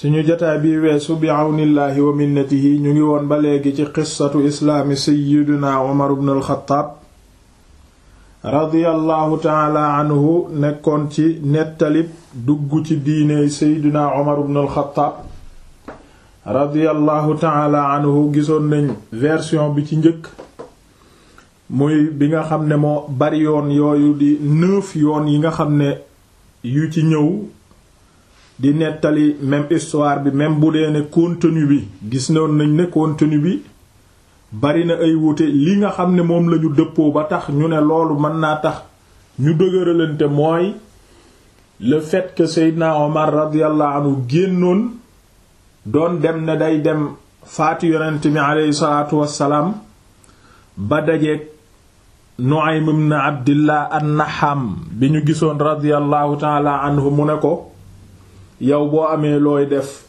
suñu jotaay bi weesu bi àwnillaahi wa minnatihi ñu ngi woon ba léegi ci qissatu islaami sayyidina Umar ibn al-Khattab taala anhu nekkoon ci nettalib dugg ci diine sayyidina Umar ibn al-Khattab taala anhu gisoon nañ version bi ci njëkk muy bi nga xam ne moo bari yoon yooyu di neuf yoon yi nga xam ne yu ci ñëw di nettali même histoire bi même bu dee ne contenu bi gis noon nañ ne contenu bi bari na ay wuute li nga xam ne moom lañu dëppoo ba tax ñu ne loolu mën naa tax ñu dëgëralante mooy le fait que Seydina Omar radiyallahu anhu génnoon doon dem ne day dem faatu yonent mi aleyhi salaatu wassalaam ba dajeeg Nu'aym ibn Abdillah an bi ñu gisoon radiyallahu taala anhu mu ne ko yow boo amee looy def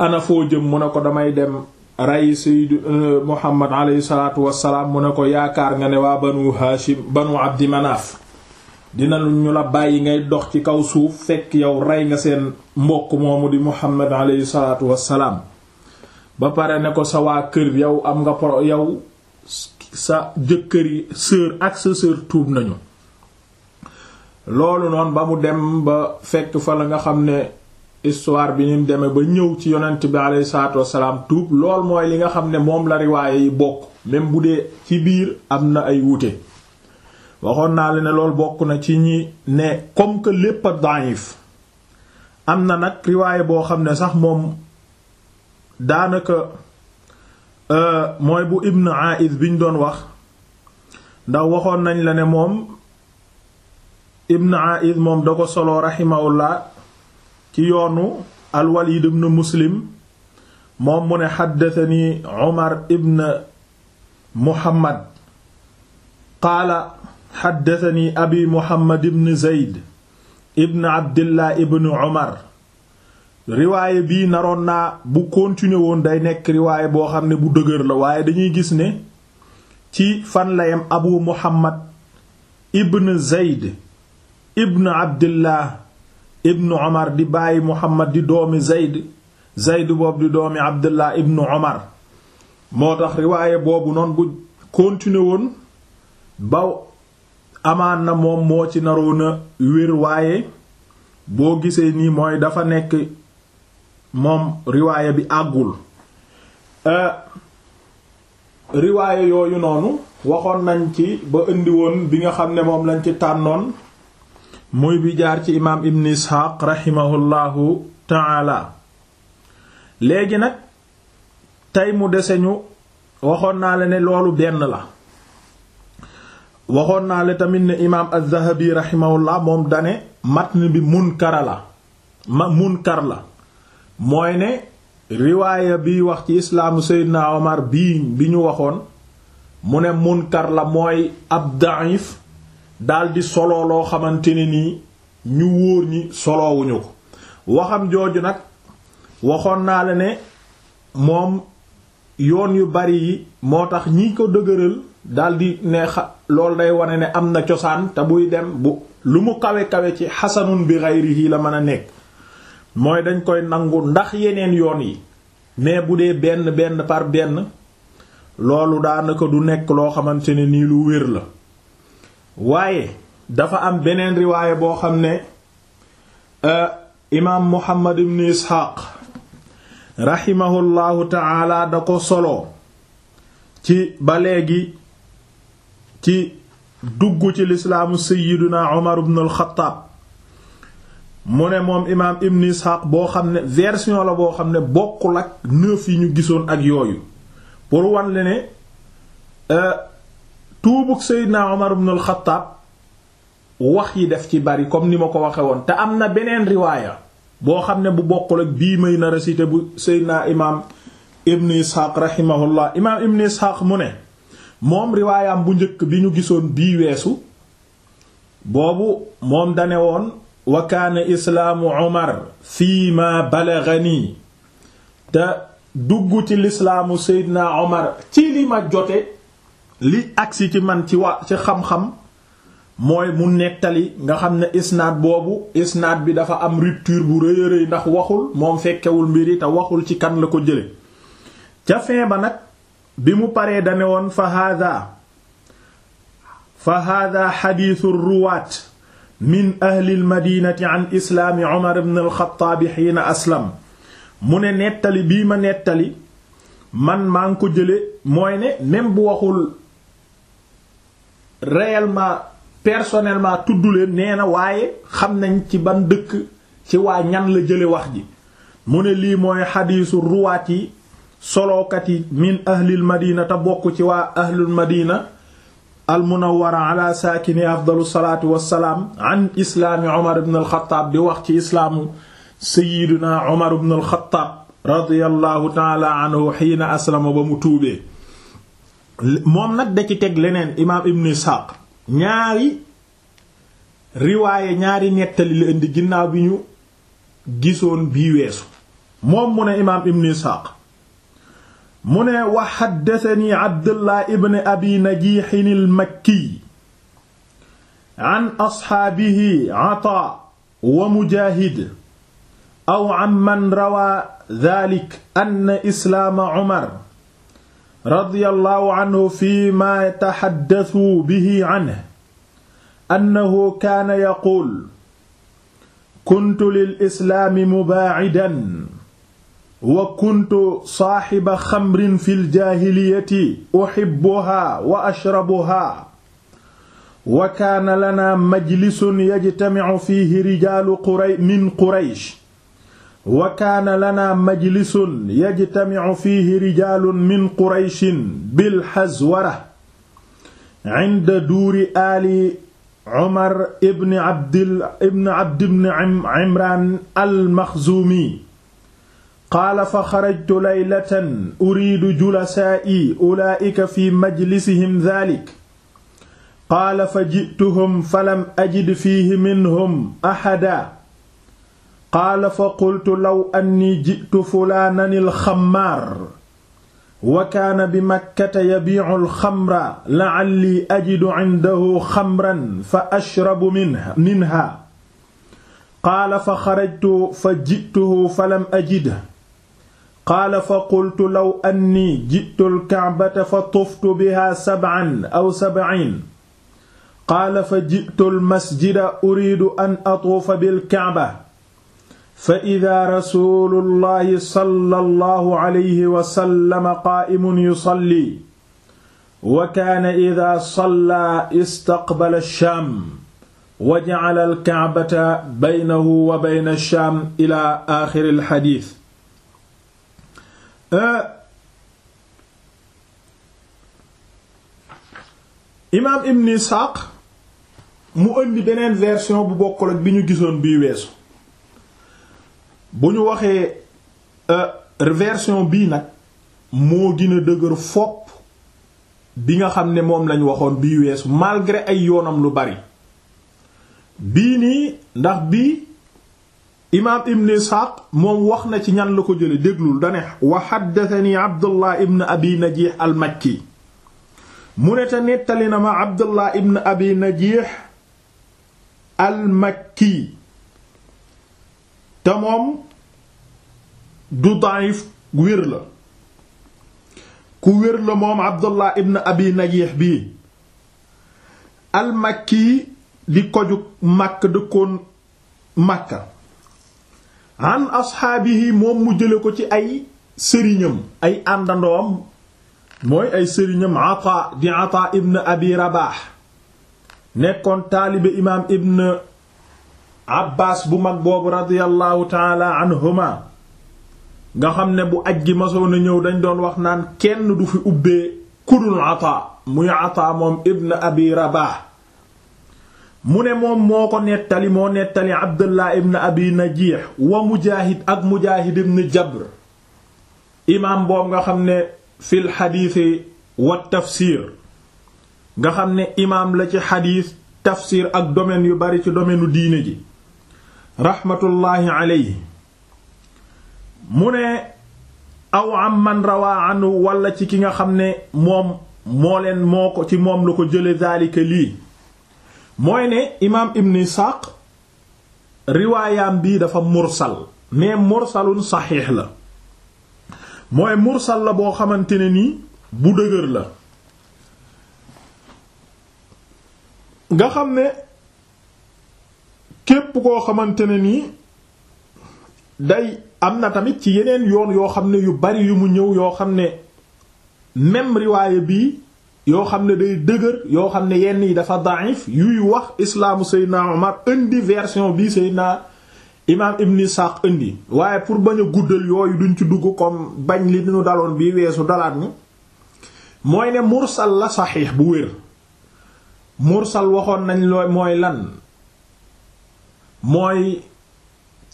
ana foo jëm mu ne ko damay dem rey sayyidu euh, Muhammad alayhi salaatu wassalaam mu ne ko yaakaar nga ne waa banu Haashim banu Abdi Manaaf dina ñu la bàyyi ngay dox ci kaw suuf fekk yow rey nga seen mbokk moomu di Muhammad alayhi salaatu wassalaam ba pare ne ko sa waa kër yow am nga pro yow sa jëkkër yi sœur ak sa sœur tuub nañu loolu noon ba mu dem ba fekk fa la nga xam ne histoire bi ñu demee ba ñëw ci yonent bi alayhi salaatu wassalaam tuub lool mooy li nga xam ne moom la riwaaye yi bokk même bu dee ci biir am na ay wuute waxoon naa la ne lool bokk na ci ñi ne comme que lépp a daif am na nag riwaaye boo xam ne sax moom daanaka euh, mooy bu ibn Aïd biñ doon wax ndax waxoon nañ la ne moom ibn Aïd ci yoonu al-Walid ibn Muslim moom mu ne xaddatani Abdillah ibn Umar riwaaye bii naroon naa bu continuer woon day nekk riwaaye boo xam ne bu dëgër la waaye dañuy gis ne ci fan la abu muhammad ibn zayd ibnu abdillah ibnu omar di bàyyi muhammad di doomi zayd zayd boobu di doomi abdillah ibnu omar moo tax riwaaye boobu noonu bu continuer woon ba amaan na moom moo ci naroon a boo gisee nii mooy dafa nekk moom riwaaye bi àggul euh, riwaaye yooyu noonu waxoon nañ ci ba indi woon bi nga xam ne moom lañ ci tànnoon muy bi jaar ci imaam ibn isxaaq raximahullahu taala léegi nag tey mu dese ñu waxoon naa la ne loolu benn la waxoon naa la tamit ne imaam az-zahabi raximahullah moom dane matn bi munkara la ma munkar la mooy ne riwaaya bi wax ci islaamu seydina omar bii bi ñu waxoon mu ne munkar la mooy ab dayif daldi solo loo xamante ne nii ñu wóor ñi solowuñu ko waxam jooju nag waxoon naa la ne moom yoon yu bari yi moo tax ñi ko dëgëral daldi ne xa loolu day wane ne am na cosaan te muy dem bu lu mu kawe kawe ci xasanun bi xayrihi la mën a nekk mooy dañ koy nangu ndax yeneen yoon yi mais bu dee benn benn par benn loolu daanaka du nekk loo xamante ne nii lu wér la waaye dafa am beneen riwaaya boo xam ne euh, imaam muhammad ibn isxaaq raximahullahu taala da ko solo ci ba léegi ci dugg ci lislaamu sayiduna omar ibn alxataab mu ne moom imaam ibn isxaaq boo xam ne version la boo xam ne bokkul ak neuf yi ñu gisoon ak yooyu pour wan le ne euh, tuubug Seydina Omar ibn al wax yi def ci bari comme ni ma ko waxe woon te am na beneen riwaaya boo xam ne bu bokkul ak bii may nar a cité bu Seydina imaam Ibn Ishaq rahimahullah imaam Ibn Ishaq mu ne moom riwaayam bu njëkk bi ñu gisoon bii weesu boobu moom dane woon wa kaana islaamu Omar fii ma balaghani te dugg ci lislaamu Seydina Omar ci li ma jote li agsi ci man ci waa ci xam-xam mooy mu nettali nga xam ne isnaad boobu isnaad bi dafa am rupture bu rëy rëy ndax waxul moom fekkewul mbir yi te waxul ci kan la ko jële ca fin ba nag bi mu paree dane woon fa haada fa haada xadiisu ruwaat min ahli lmadinati an islaami omar bn alxataabi xiina aslam mu ne nettali bii ma nettali man maa ngi ko jële mooy ne même bu waxul réellement personnellement tudd leen nee na waaye xam nañ ci ban dëkk ci waa ñan la jële wax ji mu ne lii mooy xadiisu ruwaat yi solookat yi min ahlil madina te bokk ci waa ahlul madina al munawwara ala saakini afdalu salaatu wassalaam an islaami omar ibn alxataab wax ci islaamu sayiduna omar ibn alxataab radiyallahu taala anhu xiina aslama ba mu tuubee moom nag da ci teg leneen imaam Ibn Ishaq ñaari riwaaye ñaari nettali la indi ginnaaw bi ñu gisoon bii weesu moom mu ne imaam Ibn Ishaq mu ne wa haddathani Abdullah ibn Abi Najih al-Makki an ashaabihi Ataa wa Mujaahid aw amman rawaa dhaalika anna islaama Umar radiyallahu anhu fi ma taxaddasu bihi anhu annahu kaana yaquul kuntu lil islaami mubaacidan wa kuntu saaxiba xamrin fil jaahiliyati uxibbuhaa wa ashrabuhaa wa kaana lanaa majlisun yajtamicu fiihi rijaalu quraysh min quraysh wa kaana lanaa majlisun yajtamicu fiihi rijaalun min qurayshin bil xaswara inda duuri aali Umar ibn Abdil ibn Abd ibn Imraan al-Maxzuumi qaala fa xarajtu laylatan uriidu julasaa'i ulaa'ika fi majlisihim zaalik qaala fa ji'tuhum falam ajid fiihi minhum ahadaa qaala fa qultu law anni ji'tu fulaanan alxammaar wa kaana bi makkata yabiicu alxamra la'allii ajidu cindahu xamran fa ashrabu minhaa qaala fa xarajtu fa ji'tuhu falam ajidhu qaala fa qultu law anni ji'tu alkacbata fa tuftu bihaa sabcan aw sabciin qaala fa ji'tu almasjida uriidu an atuufa bilkacba fa ida rasulullahi sallallahu alayhi wa sallam qaa'imun yusalli wa kaana ida salla istaqbala ash-shaam wa ja'ala al-ka'bata baynahu wa bayna ash-shaam ila aaxiri al-hadiis imaam Ibn Isxaaq mu indi beneen version bu bokkul ak bi ñu gisoon bii weesu bu ñu waxee euh, version bii nag moo gina dëgër fopp bi nga xam ne moom lañ waxoon bii weesu malgré ay yoonam lu bari bii nii ndax bii imaam ibn isxaaq moom wax na ci ñan la ko jële déglul dane wa xaddatani abdullah ibn abi najiix al makki mu ne te nettali na ma abdullah ibn abi najiix al makki te moom du daif wér la ku wér la moom abdullah ibn abi najiix bii almakki di koju màkk dëkkoon màkka an asxaabihi moom mu jële ko ci ay sëriñëm ay àndandoom mooy ay sëriñam ata di ata ibn abi rabaax nekkoon taalibe imaam ibn Abbas bu mag boobu radiyallahu taala anhuma nga xam ne bu aj gi masoon a ñëw dañ doon wax naan kenn du fi ubbee kudul Ataa muy Ataa moom ibn Abi Rabah mu ne moom moo ko nettali moo nettali Abdullah ibn Abi Najiix wa Mujaahid ak Mujaahid ibn Jabr imaam boobu nga xam ne fil xadiisi wa tafsir nga xam ne imaam la ci xadiis tafsir ak domaine yu bari ci domaine u diine ji raxmatullaahi alayhi mu ne aw am man rawaa walla ci ki nga xam ne moom moo leen moo ko ci moom la ko jële daalika lii mooy ne imaam ibn isxaaq riwaayaam bii dafa mursal mais mursalun saxiix la mooy mursal la boo xamante ne nii bu dëgër la xam ne képp koo xamante ne nii day am na tamit ci yeneen yoon yoo xam ne yu bari yu mu ñëw yoo xam ne même riwaaya bii yoo xam ne day dëgër yoo xam ne yenn yi dafa daif yuy wax islaamu Seydina Omar indi version bi sëy Seydina imaam Ibn Isaaq indi waaye pour bañ a guddal yooyu duñ ci dugg ko bañ li ñu daloon bii weesu dalaat mi mooy ne mursal la saxiix bu wér mursal waxoon nañ looy mooy lan mooy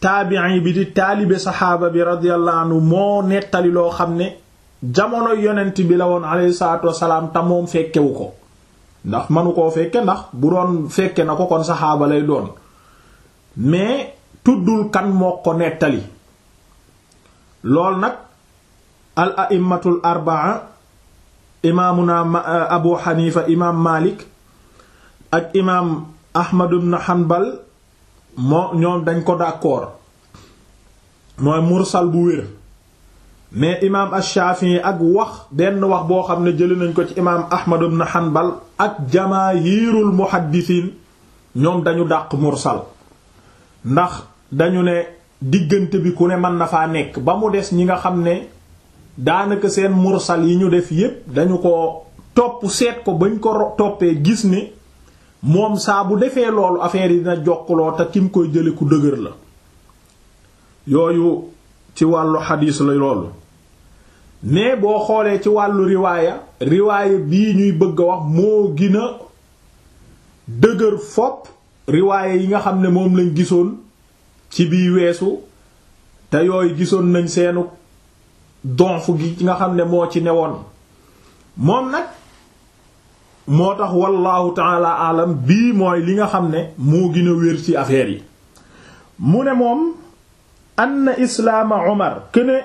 taabi'i bi di taalibe saxaaba bi radiyallahu moo nettali loo xam ne jamono yonent bi la woon alayhi salaatu wasalaam te fekkewu ko ndax manu koo fekke ndax bu doon fekke na ko kon saxaaba lay doon mais tuddul kan moo ko nettali lool nag al a'immatul arbaa imaamuna abu xanifa imaam malik ak imaam ahmad ibn hanbal moo ñoom dañ ko d'accord mooy mursal bu wér mais imaam ash-Shafi'i ak wax benn wax boo xam ne jëli nañ ko ci imaam Ahmad ibn Hanbal ak jamaahirul muhaddisiin ñoom dañu dàq mursal ndax dañu ne diggante bi ku ne mën na faa nekk ba mu des ñi nga xam ne daanaka seen mursal yi ñu def yépp dañu ko topp seet ko bañ ko toppee gis ni moom saa bu defee loolu affaire yi na jokkaloo te kim koy jële ku dëgër la yooyu ci wàllu xadiis la loolu mais boo xoolee ci wàllu riwaaya riwaaya bii ñuy bëgg a wax moo gina dëgër fopp riwaaya yi nga xam ne moom lañ gisoon ci bii weesu te yooyu gisoon nañ seenu donf gi nga xam ne moo ci ne woon moom nag moo tax wallahu taala alam bii mooy li nga xam ne moo gën wér ci affaire yi mu ne moom anna islaama omar kene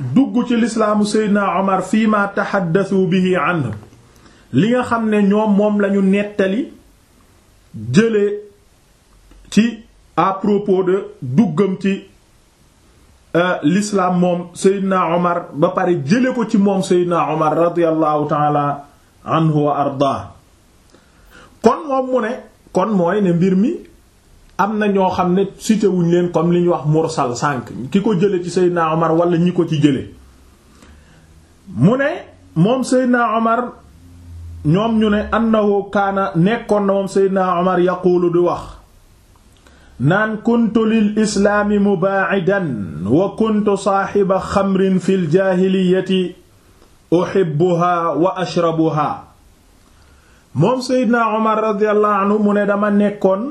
dugg ci lislaamu seydina omar fii ma taxaddasu bihi anhu li nga xam ne ñoom moom lañu nettali jële ci à propos de duggam ci euh, lislaam moom seydina omar ba pare jële ko ci moom seydina omar radiyallahu taala anhu wa kon moom mu ne kon mooy ne mbir mi am na ñoo xam ne cité wuñ leen comme li ñu wax mursal sànq ki ko jële ci Seydina Omar wala ñi ko ci jële mu ne moom Seydina Omar ñoom ñu ne annahu kaana nekkoon na moom Seydina Omar yaquulu di wax naan kuntu lil islaami mubaa'idan wa kuntu saaxiba xamrin fil jaahiliyati uhibbuha wa ashrabuha moom seydina omar radiyallahu anhu mu ne dama nekkoon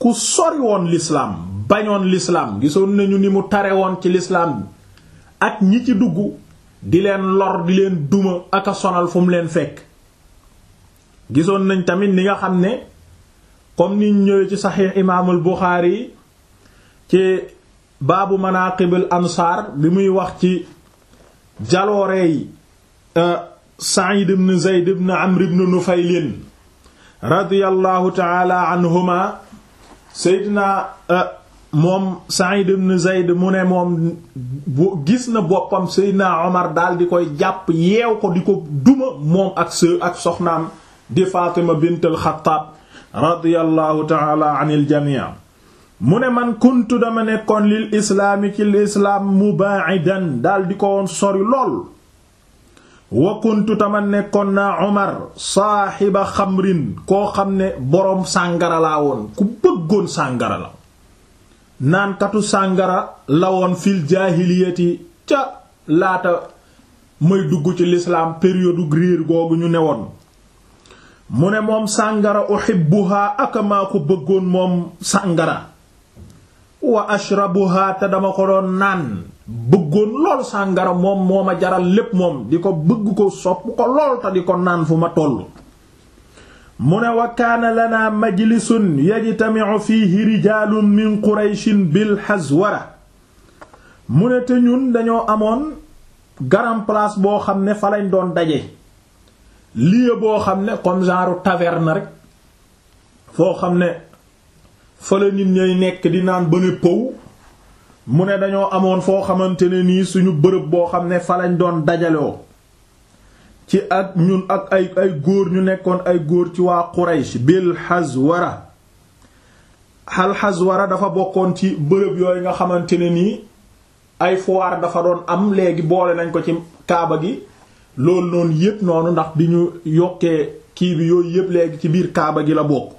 ku sori woon lislaam bañoon lislaam gisoon nañu ni mu tare woon ci lislaam ak ñi ci dugg di leen lor di leen duma ak sonal fu leen fekk gisoon nañ tamit ni nga xam ne comme ni ñëwee ci saxiix imaamul buxaari ci baabu manaqibul ansaar bi muy wax ci jaloore yi euh, Sa'id ibn Zayd ibn Amr ibn Nufayl radiyallahu ta'ala anhuma Seydina euh, moom Sa'id ibn Zayd mu ne moom gis na boppam Seydina Omar daal di koy jàpp yeew ko di ko duma moom ak sœur ak soxnaam di Fatima bint al-Khattab radiyallahu ta'ala anil mu ne man kuntu dama nekkoon lil islaami ci lislaam mubaa'idan daldi ko woon sori lool wa kuntu tama nekkoon naa Omar saaxiba xamrin koo xam ne boroom sàngara laa woon ku bëggoon sàngara la naankatu sàngara la woon fil jaahiliyati ca laata may dugg ci lislaam période réer googu ñu ne woon mu ne moom sàngara uhibbuha ak maa ko bëggoon moom sàngara wa ashrabuha te dama ko doon naan bëggoon lool sàngara moom moo ma jaral lépp moom di ko bëgg ko sopp ko lool te di ko naan fu ma toll mu ne wa kaana lana majlisun yajtami'u fii rijaalun min qurayshin bil hazwara mu ne te ñun dañoo amoon garam place boo xam ne fa lañ doon daje lieu boo xam ne comme genre taverne rek foo xam ne fa la nit ñay nekk di naan ba ne pëw mu ne dañoo amoon foo xamante ne nii suñu bërëb boo xam ne fa lañ doon dajaloo ci ak ñun ak ay ay góor ñu nekkoon ay góor ci waa Quraysh bil Hazwara al wara dafa bokkoon ci bërëb yooyu nga xamante ne nii ay foire dafa doon am léegi boole nañ ko ci kaaba gi loolu noonu yépp noonu ndax bi ñu yokkee kii bi yooyu yépp léegi ci biir kaaba gi la bokk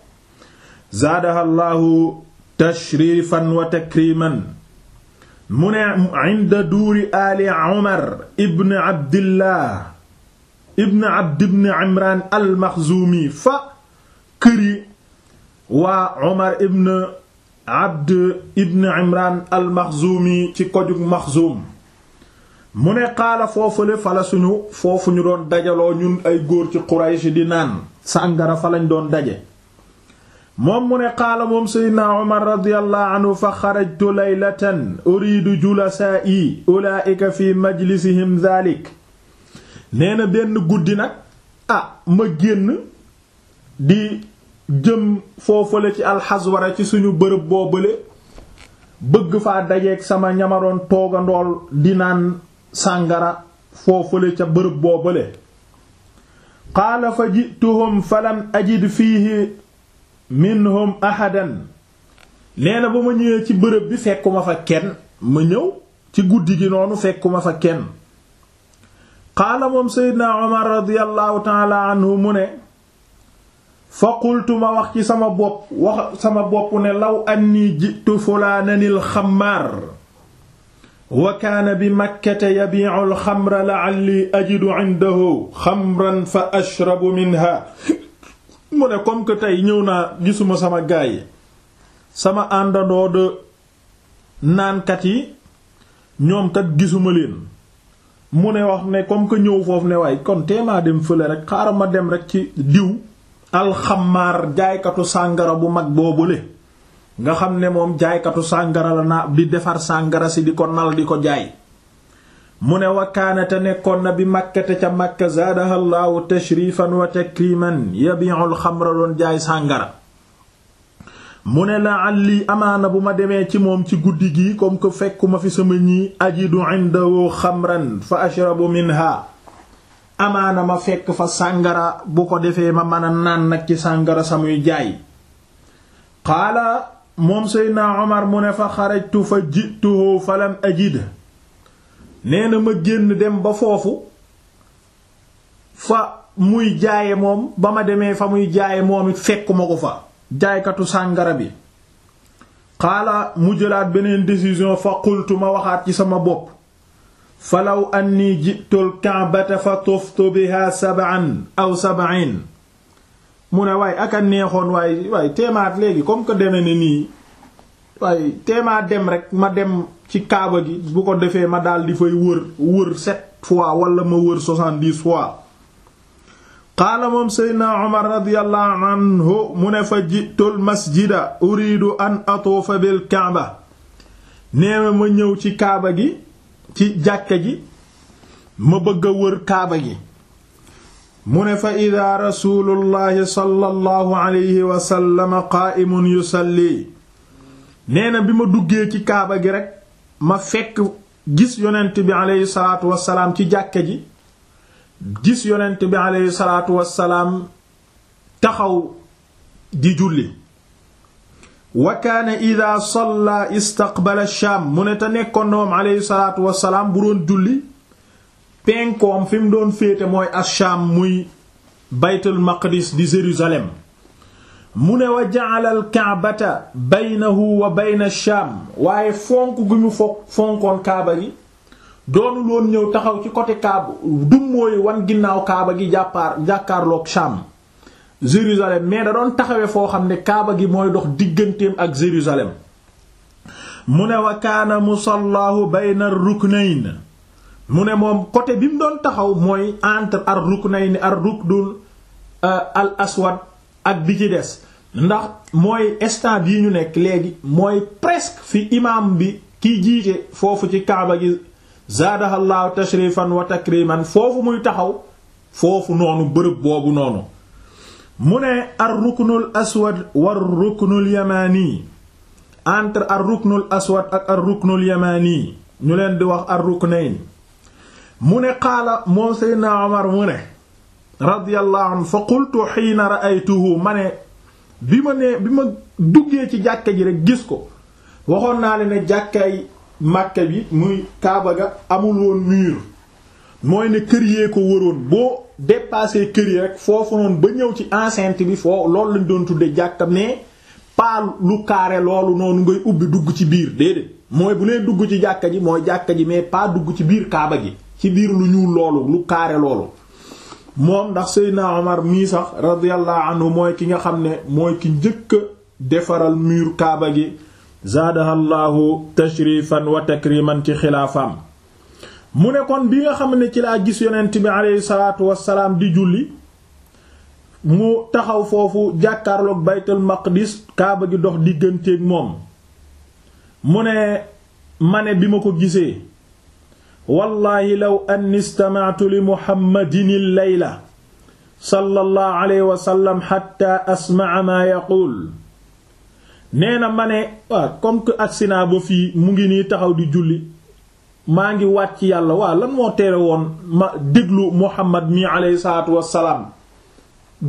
zaadaha llahu tashrifan wa takriman mu ne inda duuri ali omar ibn abdillah ibn abd ibn imran fa këri waa omar ibn abd ibn imran ci kojug maxzuum mu ne xaala foofale fala suñu foofu ñu doon dajaloo ñun ay góor ci quraysh di naan sàngara fa lañ doon daje moom mu ne qaala moom seydna umar radiyallahu anhu fa xarajtu laylatan uridu julasaa'i ulaa'ika fi majlisihim dhalik nee benn guddi nag ah ma génn di jëm foofale ci alxaswara ci suñu bërëb boobale bëgg faa dajeeg sama ñamaroon toogandool di naan sàngara foofale ca bërëb boobale qaala fa ji'tuhum falam ajid fiihi minhum ahadan nee na ba ma ñëwee ci bërëb bi fekkuma fa kenn ma ñëw ci guddi gi noonu fekkuma fa kenn qaala moom seydina omar radiallahu taala anhu mu ne fa qultu ma wax ci sama bopp wax sama bopp ne law anni jitu fulaananil xammaar wa kaana bi makkata yabiicu alxamra la'alli ajidu cindahu xamran fa ashrabu minha mu ne comme que tey ñëw naa gisuma sama gaay yi sama àndandoo de naankat yi ñoom kat gisuma leen mu ne wax ne comme que ñëw foofu ne waay kon teemaa dem fële rek xaaral ma dem rek ci diw alxamaar jaaykatu sàngara bu mag boobule nga xam ne moom jaaykatu sàngara la naa bi defar sàngara si di ko nal di ko jaay mu ne te nekkoon na bi màkkate ca màkka zaadaha llaahu tashrifan wa takriman yabi'ul xamra doon jaay sàngara mu ne la alli amaana bu ma demee ci moom ci guddi gi comme que fekkuma fi sama nii ajidu indahu xamran fa ashrabu minha amaana ma fekk fa sàngara bu ko defee ma mën a naan nag ci sàngara samuy jaay qaala moom seydna omar mu ne fa xarajtu fa jituhu falam ajid nee na ma génn dem ba foofu fa muy jaaye moom ba ma demee fa muy jaaye moom it fekkuma ko fa jaaykatu sàngara bi xaala mu jëlaat beneen décision fa qultu ma waxaat ci sama bopp falaw anni jitul kaabata fa tuftu sab'an aw sab'in mu ne waaye ak a neexoon waaye waaye teemaat léegi comme que deme ne nii waaye teemaa dem rek ma dem ci kaaba gi bu ko defee ma daldi di fay wër wër sept fois wala ma wër soixante-dix fois qaala moom seydna omar radiyallahu anhu mu ne fa jitul masjida uridu an atuufa bil kaaba neema ma ñëw ci kaaba gi ci jàkka ji ma bëgg wër kaaba gi mu ne fa ida rasulullahi sallallahu alayhi wa sallam qaa'imun yusalli nee na bi ma duggee ci kaaba gi rek ma fekk gis yonent bi aleyhi salaatu wassalaam ci jàkke ji gis yonent bi aleyhi salaatu wassalaam taxaw di julli wa kaana sollaa salla istaqbala sham mu ne te nekkoon na moom aleyhi salaatu wassalaam bu doon julli penkoom fi mu doon féete mooy asham muy baytul maqdis di Jérusalem mu ne wa ja'ala al-ka'bata baynahu wa bayna Shaam waaye fonk gu mu fo fonkoon kaaba gi doonu loon ñëw taxaw ci côté kaaba du wan ginnaaw kaaba gi jàppaar jàkkaarloog Shaam Jérusalem mais da doon taxawee foo xam ne kaaba gi mooy dox digganteem ak Jérusalem mu ne wa kaana musallaahu bayna ar-ruknayn mu ne moom côté bi mu doon taxaw mooy entre ar-ruknayn ar-ruknul euh, al aswad ak bi ci des ndax mooy instant yi ñu nekk léegi mooy presque fi imaam bi kiy jiite foofu ci kaaba gi zaadahallahu tashrifan wa takriman foofu muy taxaw foofu noonu bërëb boobu noonu mu ne ar ruknul aswad war ruknul yamaani entre ar ruknul aswad ak ar ruknul yamaani ñu leen di wax ar ruknayn mu ne qaala moo seydna omar mu ne radiyallahu anhu fa qultu xiina ra'aytuhu ma ne bi ma nee bi ma duggee ci jàkka ji rek gis ko waxoon naa leen ne jàkkaay Makka bi muy Kaaba ga amul woon mur mooy ne kër yee ko waroon boo dépassé kër yi rek foofu noonu ba ñëw ci enceinte bi foo loolu lañ doon tudde jàkka mais pas lu carré loolu noonu ngay ubbi dugg ci biir déedéet mooy bu leen dugg ci jàkka ji mooy jàkka ji mais pas dugg ci biir Kaaba gi ci biir lu ñuul loolu lu carré loolu moom ndax Seydina Omar mii sax radiyallahu anhu mooy ki nga xam ne mooy ki njëkk defaral mur kaaba gi zaadaha llahu tashrifan wa takriman ci xilaafaam mu ne kon bi nga xam ne ci laa gis yonent bi aleyhi salaatu salaam di julli mu taxaw foofu jàkkaarloog baytul maqdis kaaba gi dox digganteeg moom mu ne ma bi ma ko gisee wallaahi law anni istama'tu li muhammadin al-layla sallallahu alayhi wa sallam hatta asma'a ma yaqul nee na ma ne waaw comme agsi naa ba fii mu ngi nii taxaw di julli maa ngi wàcc yàlla waa lan moo teere woon ma déglu muhammad mi alayhi salaatu wassalaam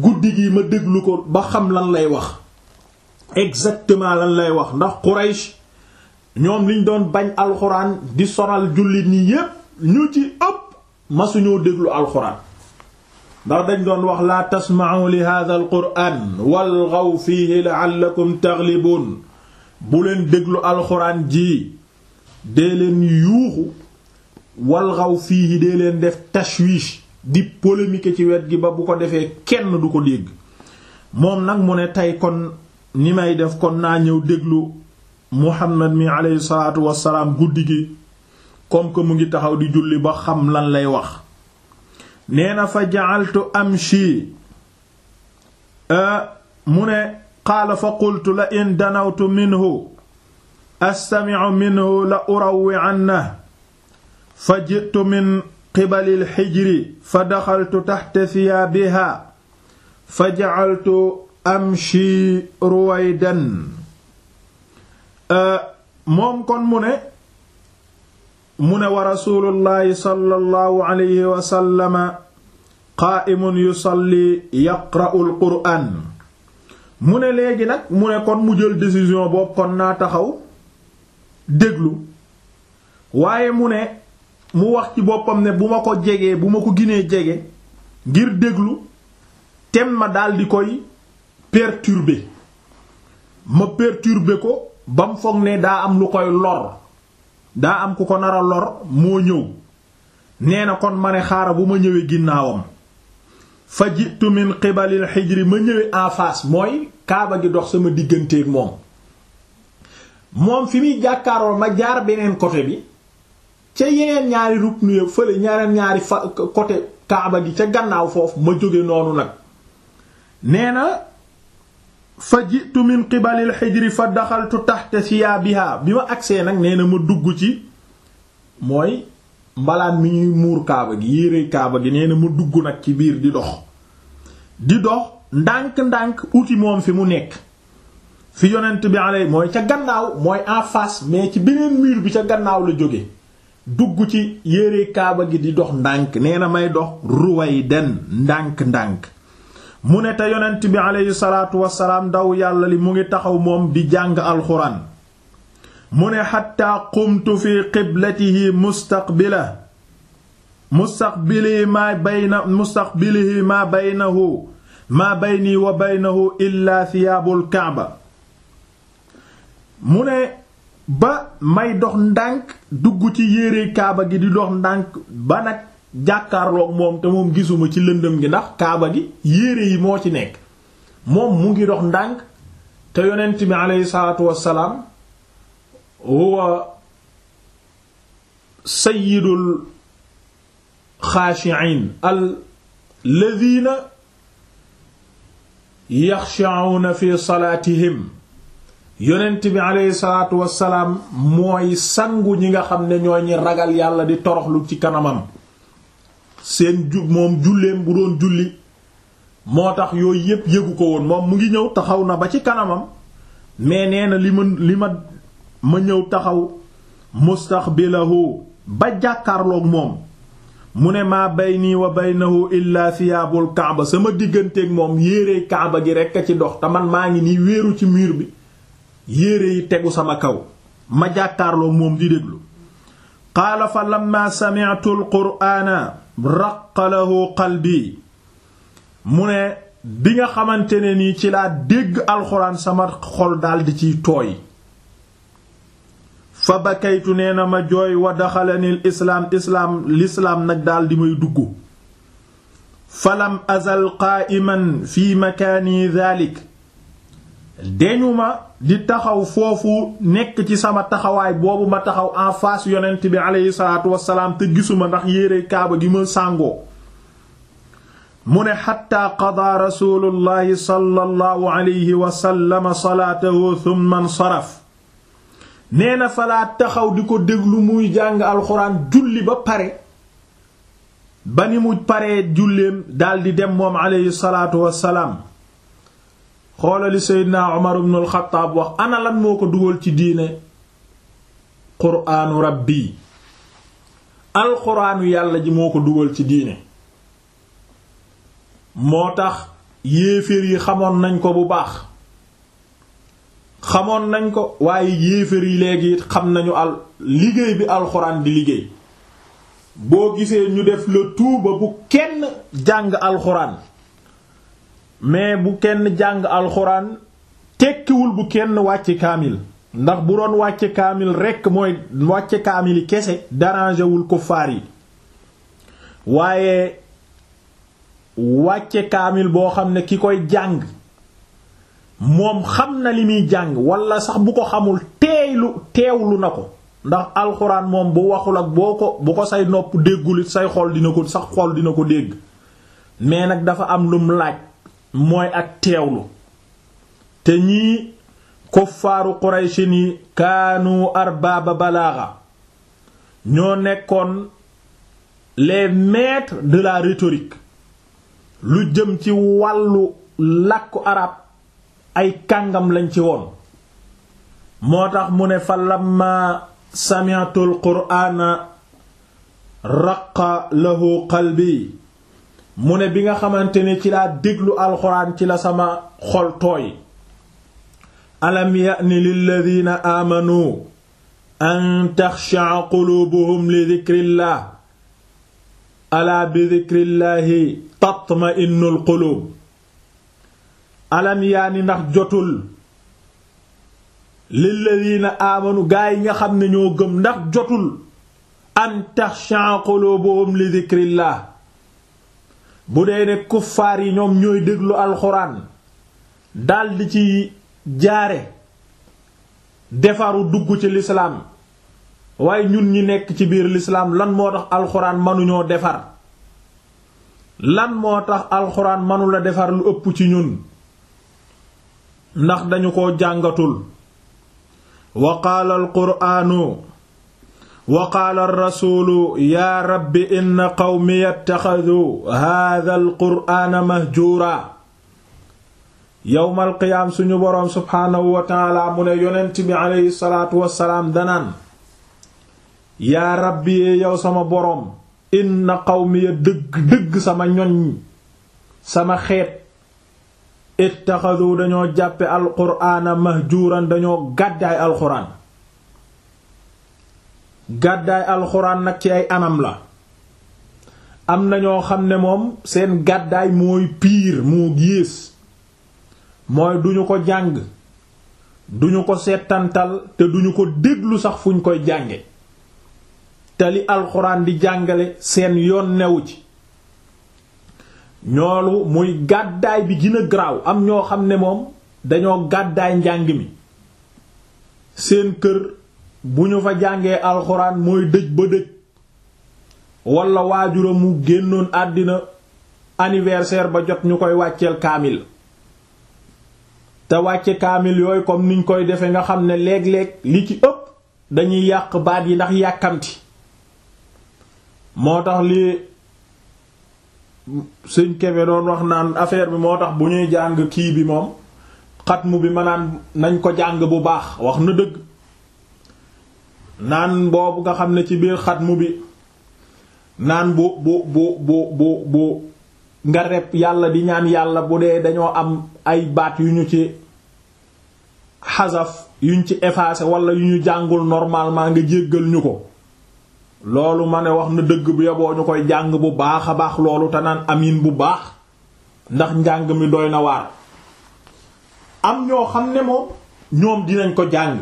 guddi gi ma déglu ko ba xam lan lay wax exactement lan lay wax ndax Quraysh ñoom liñ doon bañ alxuraan di sonal jullit ñi yépp ñu ci ëpp masuñoo déglu alxuraan ndax dañ doon wax laa tasma'u li hadha alquran walghaw fihi la'allakum taghlibun bu leen déglu alxuraan ji dee leen yuuxu walghaw fihi dee leen def tashwish di polémique ci wet gi ba bu ko defee kenn du ko dégg moom nag mu ne tey kon ni may def kon naa ñëw déglu Muhammad mi aleyhi salaatu wassalaam guddi gi comme que mu ngi taxaw di julli ba xam lan lay wax nee na fa ja'altu amshi euh, mu ne qaala fa qultu la in danawtu minhu astami'u minhu la urawwi'annahu fa ji'tu min qibali al-hijri fa daxaltu taxta thiyaabihaa fa ja'altu amshi ruwaydan Euh, moom kon mu ne mu ne wa rasulullahi sallallahu alayhi wa sallama qaa'imun yusalli yaqra'ul qur'aan mu ne léegi nag mu ne kon mu jël décision boobu kon naa taxaw déglu waaye mu ne mu wax ci boppam ne bu ma ko jegee bu ma ko ginee jege ngir déglu tem ma daldi koy perturber ma perturber ko ba mu foog ne daa am lu koy lor daa am ku ko nara a lor moo ñëw nee na kon ma ne xaaral bu ma ñëwee ginnaawam fa jitu min qibalil xijri ma ñëwee en face mooy kaaba gi dox sama digganteeg moom moom fi muy jàkkaaroo ma jaar beneen côté bi ca yeneen ñaari ruknu ya fële ñaari fa côté kaaba gi ca gannaaw foofu ma jóge noonu nag nee na fa jitu min qibalil xijri fa daxaltu taxta siyaabiha bi ma agsee nag nee na ma dugg ci mooy mbalaan mi ñuy muur kaaba gi yéere kaaba gi nee na ma dugg nag ci biir di dox di dox ndànk-ndànk uti moom fi mu nekk fi yonent bi alay mooy ca gannaaw mooy en face mais ci beneen mur bi ca gannaaw la jóge dugg ci yére kaaba gi di dox ndànk nee na may dox ruway den ndànk-ndànk mu ne te yonent bi aleyhi salaatu wasalaam ndaw yàlla li mu ngi taxaw moom di jàng alxuraan mu ne xatta qumtu fi qiblatihi mustaqbila mustaqbilihi maa bayna mustaqbilihi maa baynahu maa bayni wa baynahu illaa thiyaabul kaaba mu ne ba may dox ndànk dugg ci yére kaaba gi di dox ndànk ba nag jàkkaarloog moom te moom gisuma ci lëndëm gi ndax kaaba gi yére yi moo ci nekk moom mu ngi dox ndànk te yonent bi aleyhi salaatu wassalaam huwa sayyidul xaashiin alladina yaxsha'una fi salaatihim yonent bi aleyhi salaatu wassalaam mooy sangu ñi nga xam ne ñoo ñi ragal yàlla di toroxlu ci kanamam seen ju moom julleem bu doon julli moo tax yooyu yépp yëgu ko woon moom mu ngi ñëw taxaw na ba ci kanamam mais nee na li ma li ma ma ñëw taxaw mustaxbilahu ba jàkkaarloog moom mu ne maa bayni wa baynahu illaa siyaabul kaaba sama digganteeg moom yéere kaaba gi rekk a ci dox te man maa ngi nii wéeru ci miir bi yéere yi tegu sama kaw ma jàkkaarloog moom di déglu qaala fa lamma sami'tu al qur'ana raqalahu qalbi mu ne bi nga xamante ne nii ci laa dégg alxuraan sama xol daldi ciy tooy fa bakaytu nee na ma jooy wa daxalanil islaam islaam lislaam nag daldi may dugg falam azal qaaiman fi makaani daalik deñu ma di taxaw foofu nekk ci sama taxawaay boobu ma taxaw en face yonent bi aleyhi salaatu wassalaam te gisuma ndax yére kaaba gi ma sàngoo mu ne xatta qadaa rasulullahi sallallahu alayhi wasallama salaatahu thumma nsaraf nee na falaat taxaw di ko déglu muy jàng alxuraan julli ba pare ba ni mu pare julleem daldi dem moom aleyhi salaatu wassalaam xoolali seydina Umar ibn al wax ana moo ko dugal ci diine quraanu rabbi alquraanu yàlla ji moo ko dugal ci diine moo tax yéeféer yi xamoon nañ ko bu baax xamoon nañ ko waaye yéeféer yi léegi xam nañu al liggéey bi alxuraan di liggéey boo gisee ñu def le tout ba bu kenn jàng alxuraan mais bu kenn jàng alxuraan tekkiwul bu kenn wàcce kaamil ndax bu doon wàcce kaamil rekk mooy wàcce kaamil yi kese dérangewul kuffaar yi waaye wàcce kaamil boo xam ne ki koy jàng moom xam na li muy jàng walla sax bu ko xamul teeylu teewlu na ko ndax alxuraan moom bu waxul ak boo ko bu ko say nopp déggul it say xol dina ko sax xol dina ko dégg mais nag dafa am lum laaj mooy ak teewlu te ñii kuffaaru Quraysh kaanu arbaba balaaxa ñoo nekkoon les maîtres de la rhétorique lu jëm ci wàllu làkku arab ay kàngam lañ ci woon moo tax mu ne fa lamma sami'tu al qur'ana raqa lahu qalbi mu ne bi nga xamante ni ci la déglu alxuraan ci la sama xol tooy alam ya'ni lilladina aamanu an taxshaa quluubuhum li dikrillah alaa bi dikrillahi tatma'innul quluub alam yaani ndax jotul lilladina aamanu gaa yi nga xam ne ñoo gëm ndax jotul an taxshaa quluubuhum li dikrillah bu dee ne kuffaar yi ñoom ñooy déglu alxuraan daldi ci jaare defaru dugg ci lislaam waaye ñun ñi nekk ci biir lislaam lan moo tax alxuraan mënuñoo defar lan moo tax alxuraan mënula defar lu ëpp ci ñun ndax dañu ko jàngatul wa qaala alquraanu wa qaala rasuulu yaa rabbi inna qawmiya ittaxaduu haadha alqur'aana mahjuuraa yowmal qiyaam suñu subhaanahu wa taala mu ne yonent bi aleyhi salaatu wassalaam danaan yaa rabbi yee yow sama boroom inna qawmiya dëgg dëgg sama ñoñ sama xeet ittaxaduu dañoo jàppe alqur'aana mahjuuran dañoo gàddaay alqur'aan gàddaay alxuraan nag ci ay anam la am na ñoo xam ne moom seen gàddaay mooy piir mu yées mooy duñu ko jàng duñu ko seetantal te duñu ko déglu sax fuñ koy jànge te li alxuraan di jàngale seen yoon newu ci ñoolu muy gàddaay bi gën a garaaw am ñoo xam ne moom dañoo gàddaay njàng mi seen kër bu ñu fa jàngee alxuraan mooy dëj ba dëj walla waajura mu génnoon àddina anniversaire ba jot ñu koy wàcceel kaamil te wàcce kaamil yooyu comme niñ koy defe nga xam ne léeg-léeg li ci ëpp dañuy yàq baat yi ndax yàkkamti moo tax li sëñ Kébé doon wax naan affaire bi moo tax bu ñuy jàng kii bi moom xatmu bi ma naan nañ ko jàng bu baax wax na dëgg naan boobu nga xam ne ci biir xat mu bi naan bu bu bu bu bu nga rep yàlla di ñaan yàlla bu dee dañoo am ay baat yu ñu ci xasaf yuñ ci effacé wala yu ñu jàngul normalement nga jéggal ñu ko loolu ma ne wax na dëgg bu yoboo ñu koy jàng bu baax a baax loolu te naan amin bu baax ndax njàng mi doy na waar am ñoo xam ne moom ñoom dinañ ko jàng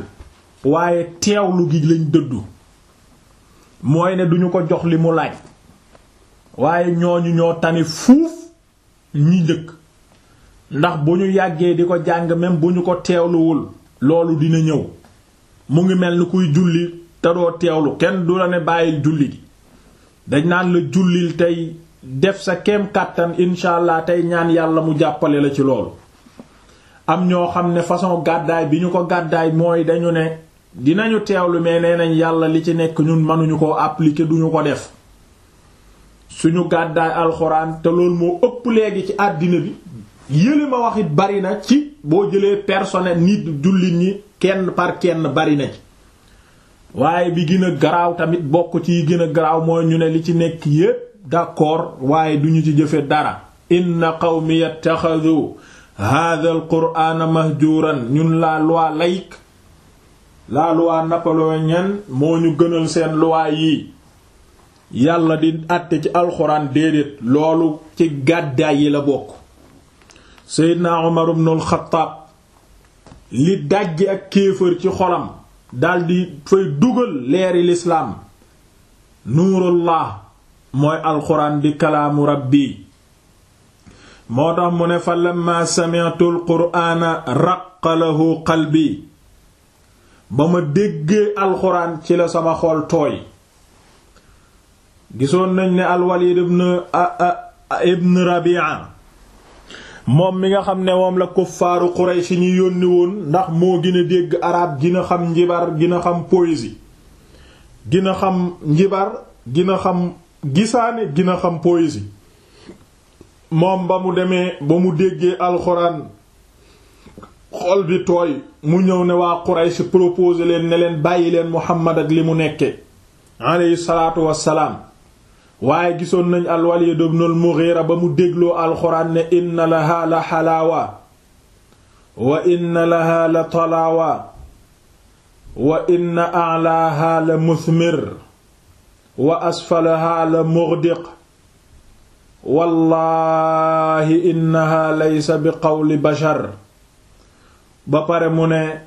waaye teewlu gi lañ dëddu mooy ne duñu ko jox li mu laaj waaye ñooñu ñoo tane fuuf ñu njëkk ndax bu ñu yàggee di ko jàng même bu ñu ko teewluwul loolu dina ñëw mu ngi mel ni kuy julli te doo teewlu kenn du la ne bàyyil julli gi dañ naan la jullil tey def sa kem kàttan incha allah tey ñaan yàlla mu jàppale la ci loolu am ñoo xam ne façon gàddaay bi ñu ko gàddaay mooy dañu ne dinañu teewlu mais nee nañ yàlla li ci nekk ñun mënuñu koo appliquer duñu ko def suñu gàddaay alxuraan te loolu moo ëpp léegi ci àddina bi yële ma wax bari na ci boo jëlee personnel nit jullit ñi kenn par kenn bari na ci waaye bi gën garaaw tamit bokk ci gën a garaaw mooy ñu ne li ci nekk yépp d'accord waaye duñu ci jëfe dara inna qawmi yattaxadu hadha al qur'ana mahjuran ñun la loi laïque la loi napoléonienne moo ñu gënal seen loi yi yàlla di àtte ci alxuraan déedéet loolu ci gàddaay yi la bokk seydna Umar ibn al-Khattab li dajj ak kéefër ci xolam daldi fay dugal leeri lislaam nuurullah mooy alxuraan di kalaamu rabbi moo tax mu ne fa lamma sami'tu alqur'ana raqqa lahu ba ma déggee alxuraan ci la sama xool tooy gisoon nañ ne alwalid ibn ibn moom mi nga xam ne moom la kuffaaru Quraysh ñi yónni woon ndax moo gin a dégg arab gën a xam njibar gën a xam poésie gën a xam njibar gën a xam gisaane gën a xam poésie moom ba mu demee ba mu déggee alxuraan xol bi tooy mu ñëw ne leen ne leen bàyyi leen Muhammad ak li mu nekke aleyhi salaatu waaye gisoon nañu al-Walid ibn al ba mu dégloo alxuraan ne inna laha la xalaawa wa inna laha la talaawa wa inna a'laaha la muthmir wa asfalaha la mughdiq wallahi innaha laysa bi qawli bashar ba pare mu ne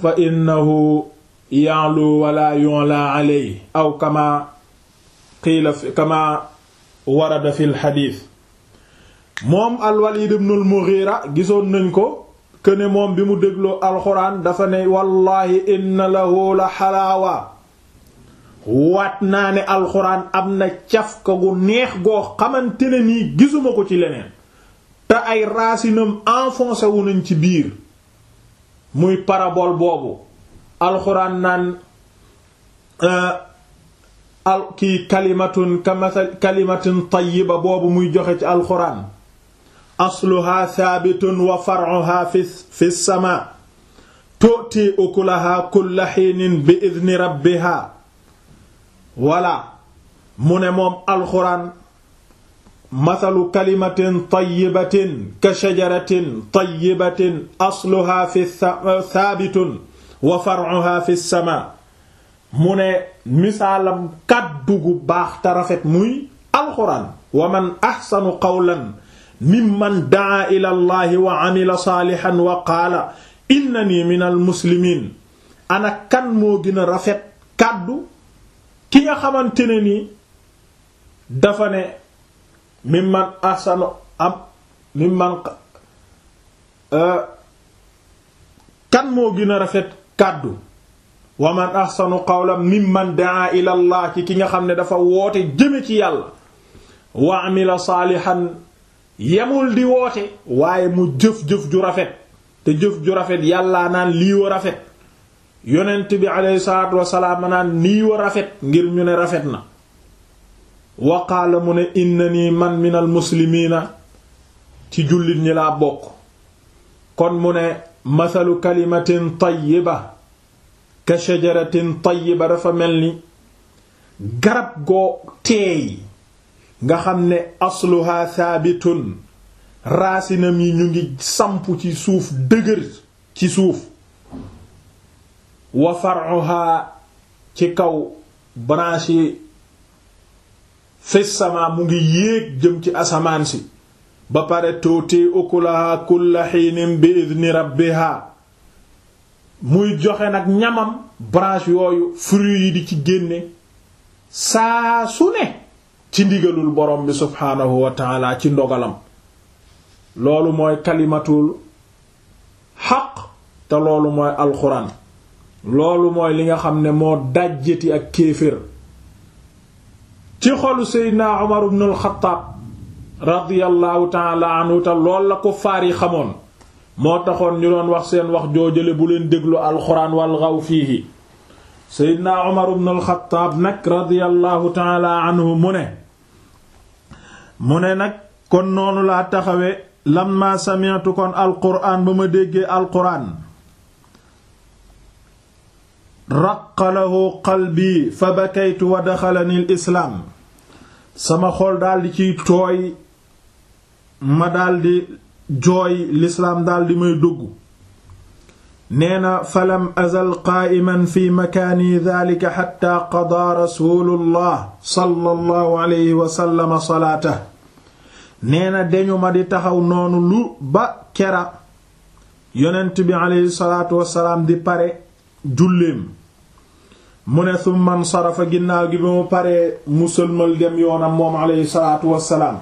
fa innahu ya'lu wala yu'la aw kama qiila kama warada fi lxadis moom alwalid ibn al-Mughira gisoon nañ ko këne moom bi mu dégloo alxuraan dafa ne wallahi inna lahu la xalaawa waat naa ne alxuraan am na cafka gu neex goo xamante ne nii gisuma ko ci leneen te ay raasinam enfoncé nañ ci biir muy parabole boobu alxuraan naan euh, al kii kalimatun kamathal kalimatin tayyiba boobu muy joxe ci alxuraan asluha thabitun wa far'uha fi fi samaa tu'ti ukulaha kulla hiinin bi idni rabbiha wala mu ne moom alxuraan masalu kalimatin tayyibatin ka shajaratin tayyibatin asluha fi thaabitun wa far'uha fi sama mu ne misaalam kàddu gu baax te rafet muy alxuraan wa man axsanu qawlan mimman daa ila allahi wa amila saalixan wa qaala innani minal muslimiin ana kan moo gën a rafet kàddu ki nga xamante ne ni dafa ne mimman ahsanu am mimman euh, kan moo gin a rafet kàddu wa man ahsanu qawlan mimman daa ila allah ci ki nga xam ne dafa woote jëme ci yàlla wa amila saalihan yemul di woote waaye mu jëf-jëf ju rafet te jëf ju rafet yàlla naan lii wa rafet yonent bi alayhi salaatu wasalaam naan lii wa rafet ngir ñu ne rafet na wa mu ne ni man minal muslimiina ci jullit ñi laa bokk kon mu ne masalu kalimatin tayyiba ka shajaratin tayyiba dafa mel ni garab goo teey nga xam ne asluha saabitun raasinam yi ñu ngi samp ci suuf dëgër ci suuf wa far'uha ci kaw branche fi sama mu ngi yéeg jëm ci asamaan si ba pare tuuti ukulaha kulla xiinin bi idni rabbiha muy joxe nag ñamam branche yooyu fruits yi di ci génne saa su ne ci ndigalul borom bi subhaanahu wa ci ndogalam loolu mooy kalimatul xaq te loolu mooy alxuraan loolu mooy li nga xam ne moo dàjjati ak kéefër ci xolu seydina Umar ibn al-Khattab radiyallahu ta'ala anhu te lool la ko faar yi xamoon moo taxoon ñu doon wax seen wax joojale bu leen déglu alxuraan walghaw fiihi seydina Umar ibn al-Khattab nag radiyallahu ta'ala anhu mu ne mu ne nag kon noonu laa taxawe lamma sami'tu kon alxuraan ba ma déggee alxuraan raqa lahu qalbi fa bakaytu wa daxalani l islaam sama xol daldi ci tooy ma daldi joy lislaam daldi may dugg neena na falam azal qaa'iman fi makaani daalika xatta qadaa rasuulullah sallallahu alayhi wa sallam salaata nee na dañu ma di taxaw noonu lu ba kera yonent bi alayhi wasalaam di pare julleem mu ne summa nsarafa ginnaaw gi bi mu paree musalmal dem yoonam moom aleyhi salaatu wassalaam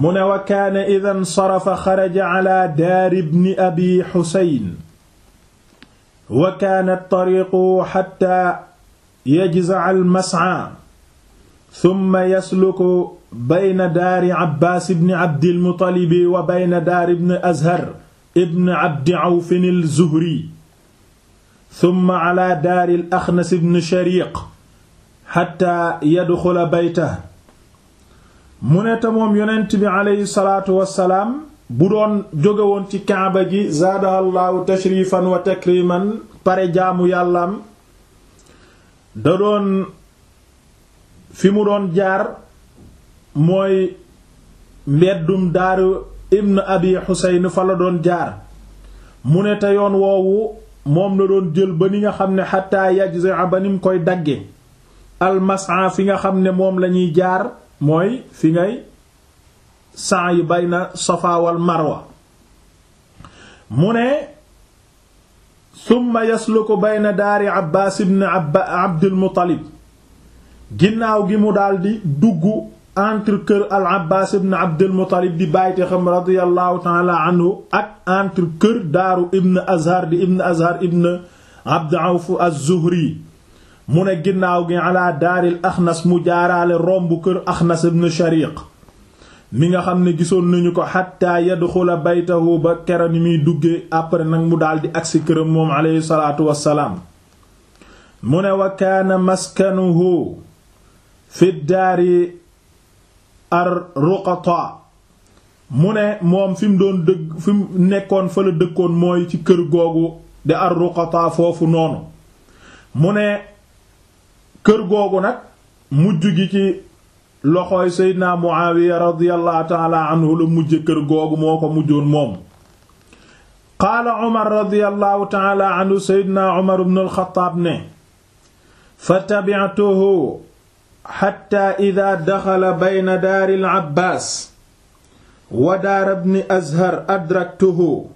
mu ne wa kaana ida nsarafa xaraja ala daari bni abi xusayn wa kaana tariiqu xatta yajzaca almasca summa yasluku bayna daari abbaas ibni abdilmutalibi wa bayna daari bni azhar ibni abdi awfin alzuhri summa ala daari l axnas ibn shariq xatta mu ne te moom yonent bi aleyhi salaatu wassalaam bu doon jóge woon ci kaaba gi zaadahallaahu tashrifan wa takriman pare jaamu yàllaam da doon fi mu doon jaar mooy mbeddum daaru ibn abi xuseyn fa la doon jaar mu ne te yoon woowu moom la doon jël ba ni nga xam ne xataa yajza ba ni koy dagge almasan fi nga xam ne moom lañuy jaar mooy fi ngay san yu bayna safa wal marwa mu ne summa yasluku bayna daari abbaas ibn abdul muttalib ginnaaw gi mu daldi dugg entre kër al abbaas ibn abdul muttalib di bàyyite xam radiallahu taala ak entre kër daaru ibn azhar di ibn azhar ibn abd awf az-zuhri mu ne ginnaaw gi ala daaril axnas mu jaarale romb kër axnas ibn shariq mi nga xam ne gisoon nañu ko xatta yadxula baytahu ba kera ni muy duggee après nag mu daldi agsi këram moom aleyhi salaatu wassalaam mu ne wa kaana maskanuhu fi ar ruqata mu ne moom fi doon dëgg fi nekkoon fa la dëkkoon mooy ci kër googu di ar ruqata foofu noonu mu ne kër googu nag mujj gi ci loxooy seydina Muawiya radiyallahu taala anhu la mujje kër googu moo ko mujjoon moom qaala Umar radiyallahu taala anhu seydina Umar ibn al ne fa tabi'tuhu xatta ida daxala bayna daari al-Abbaas wa daara bni Azhar adraktuhu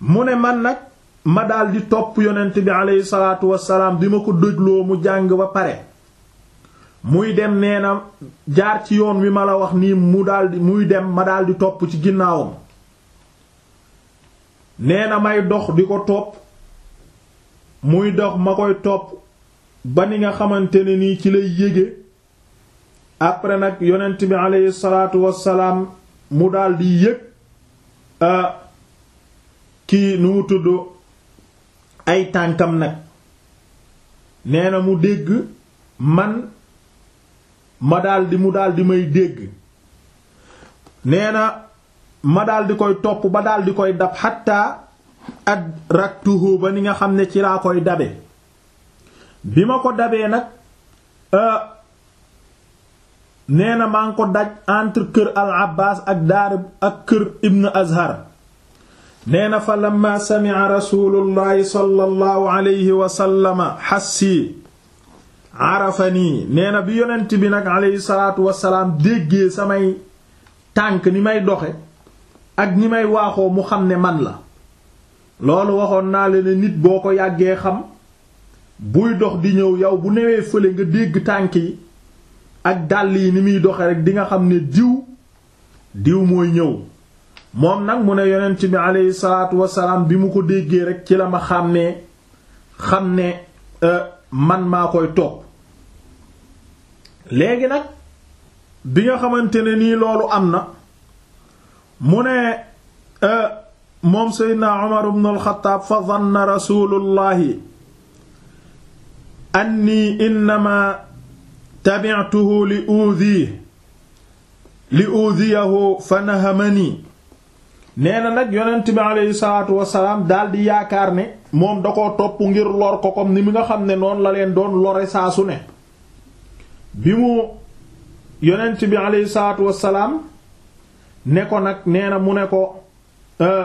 mu ne man nag ma daldi topp yonent bi aleyhi salaatu wasalaam bi ma ko dëgloo mu jàng ba pare muy dem nee na jaar ci yoon wi ma la wax nii mu daldi muy dem ma daldi topp ci ginnaawam nee na may dox di ko topp muy dox ma koy topp ba ni nga xamante ne nii ci lay yége après nag yonent bi aleyhi salaatu wassalaam mu daldi yëg kii nu mu tudd ay tànkam nag nee na mu dégg man ma daldi mu daldi may dégg nee na ma daldi koy topp ba daldi koy dab xattaa adraktuhu ba ni nga xam ne ci laa koy dabe bi ma ko dabee nag euh, nee na maa ko daj entre kër al abbas ak daar ak kër ibn azhar nee na fa lamma sami'a rasulullahi sallallahu alayhi wa sallama xassi arafanii nee na bi yonent bi nag aleyhi salaatu wasalaam déggee samay tànk ni may doxe ak ni may waaxoo mu xam ne man la loolu waxoon naa leen nit boo ko yàggee xam buy dox di ñëw yow bu newee fële nga dégg tànk yi ak dàll yi ni muy doxe rek di nga xam ne diw diw mooy ñëw moom nag mu ne yonent bi aleyhi salaatu wasalaam bi mu ko déggee rek ci la ma xam ne xam euh, man maa koy topp léegi nag bi nga xamante ne nii loolu am na mu ne euh, moom seydna Umar ibn al-Khattab fa dhanna rasulullahi anni innama tabi'tuhu li udhi li udhiyahu fanahamani nee na nag yonent bi aleyhi salaatu wasalaam daldi yaakaar ne moom da koo topp ngir lor ko kom ni mi nga xam ne noonu la leen doon lore saasu ne bi mu yonent bi aleyhi ne ko nag nee na mu ne ko euh,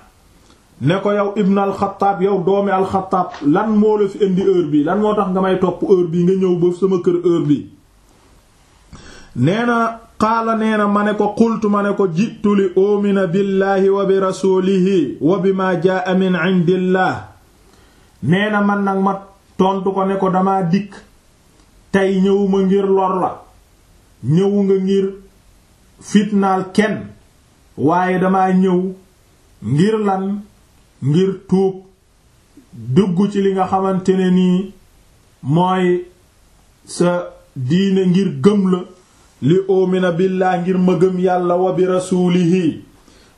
ne ko yow ibn alxataab yow doomi alxataab lan moo la fi indi heure bi lan moo tax nga may topp heure bi nga ñëw ba sama kër heure bi nee na qaala nee na ma ne ko qultu ma ne ko jitu li umina billahi wa bi rasulihi wa bi ma jaa min indillah nee na man nag ma tontu ko ne ko dama dikk tey ñëwuma ngir lor la ñëw nga ngir fitnaal kenn waaye dama ñëw ngir lan ngir tuub dugg ci li nga xamante ne nii mooy sa diine ngir gëm la li umina billaa ngir ma gëm yàlla wa bi rasuulihi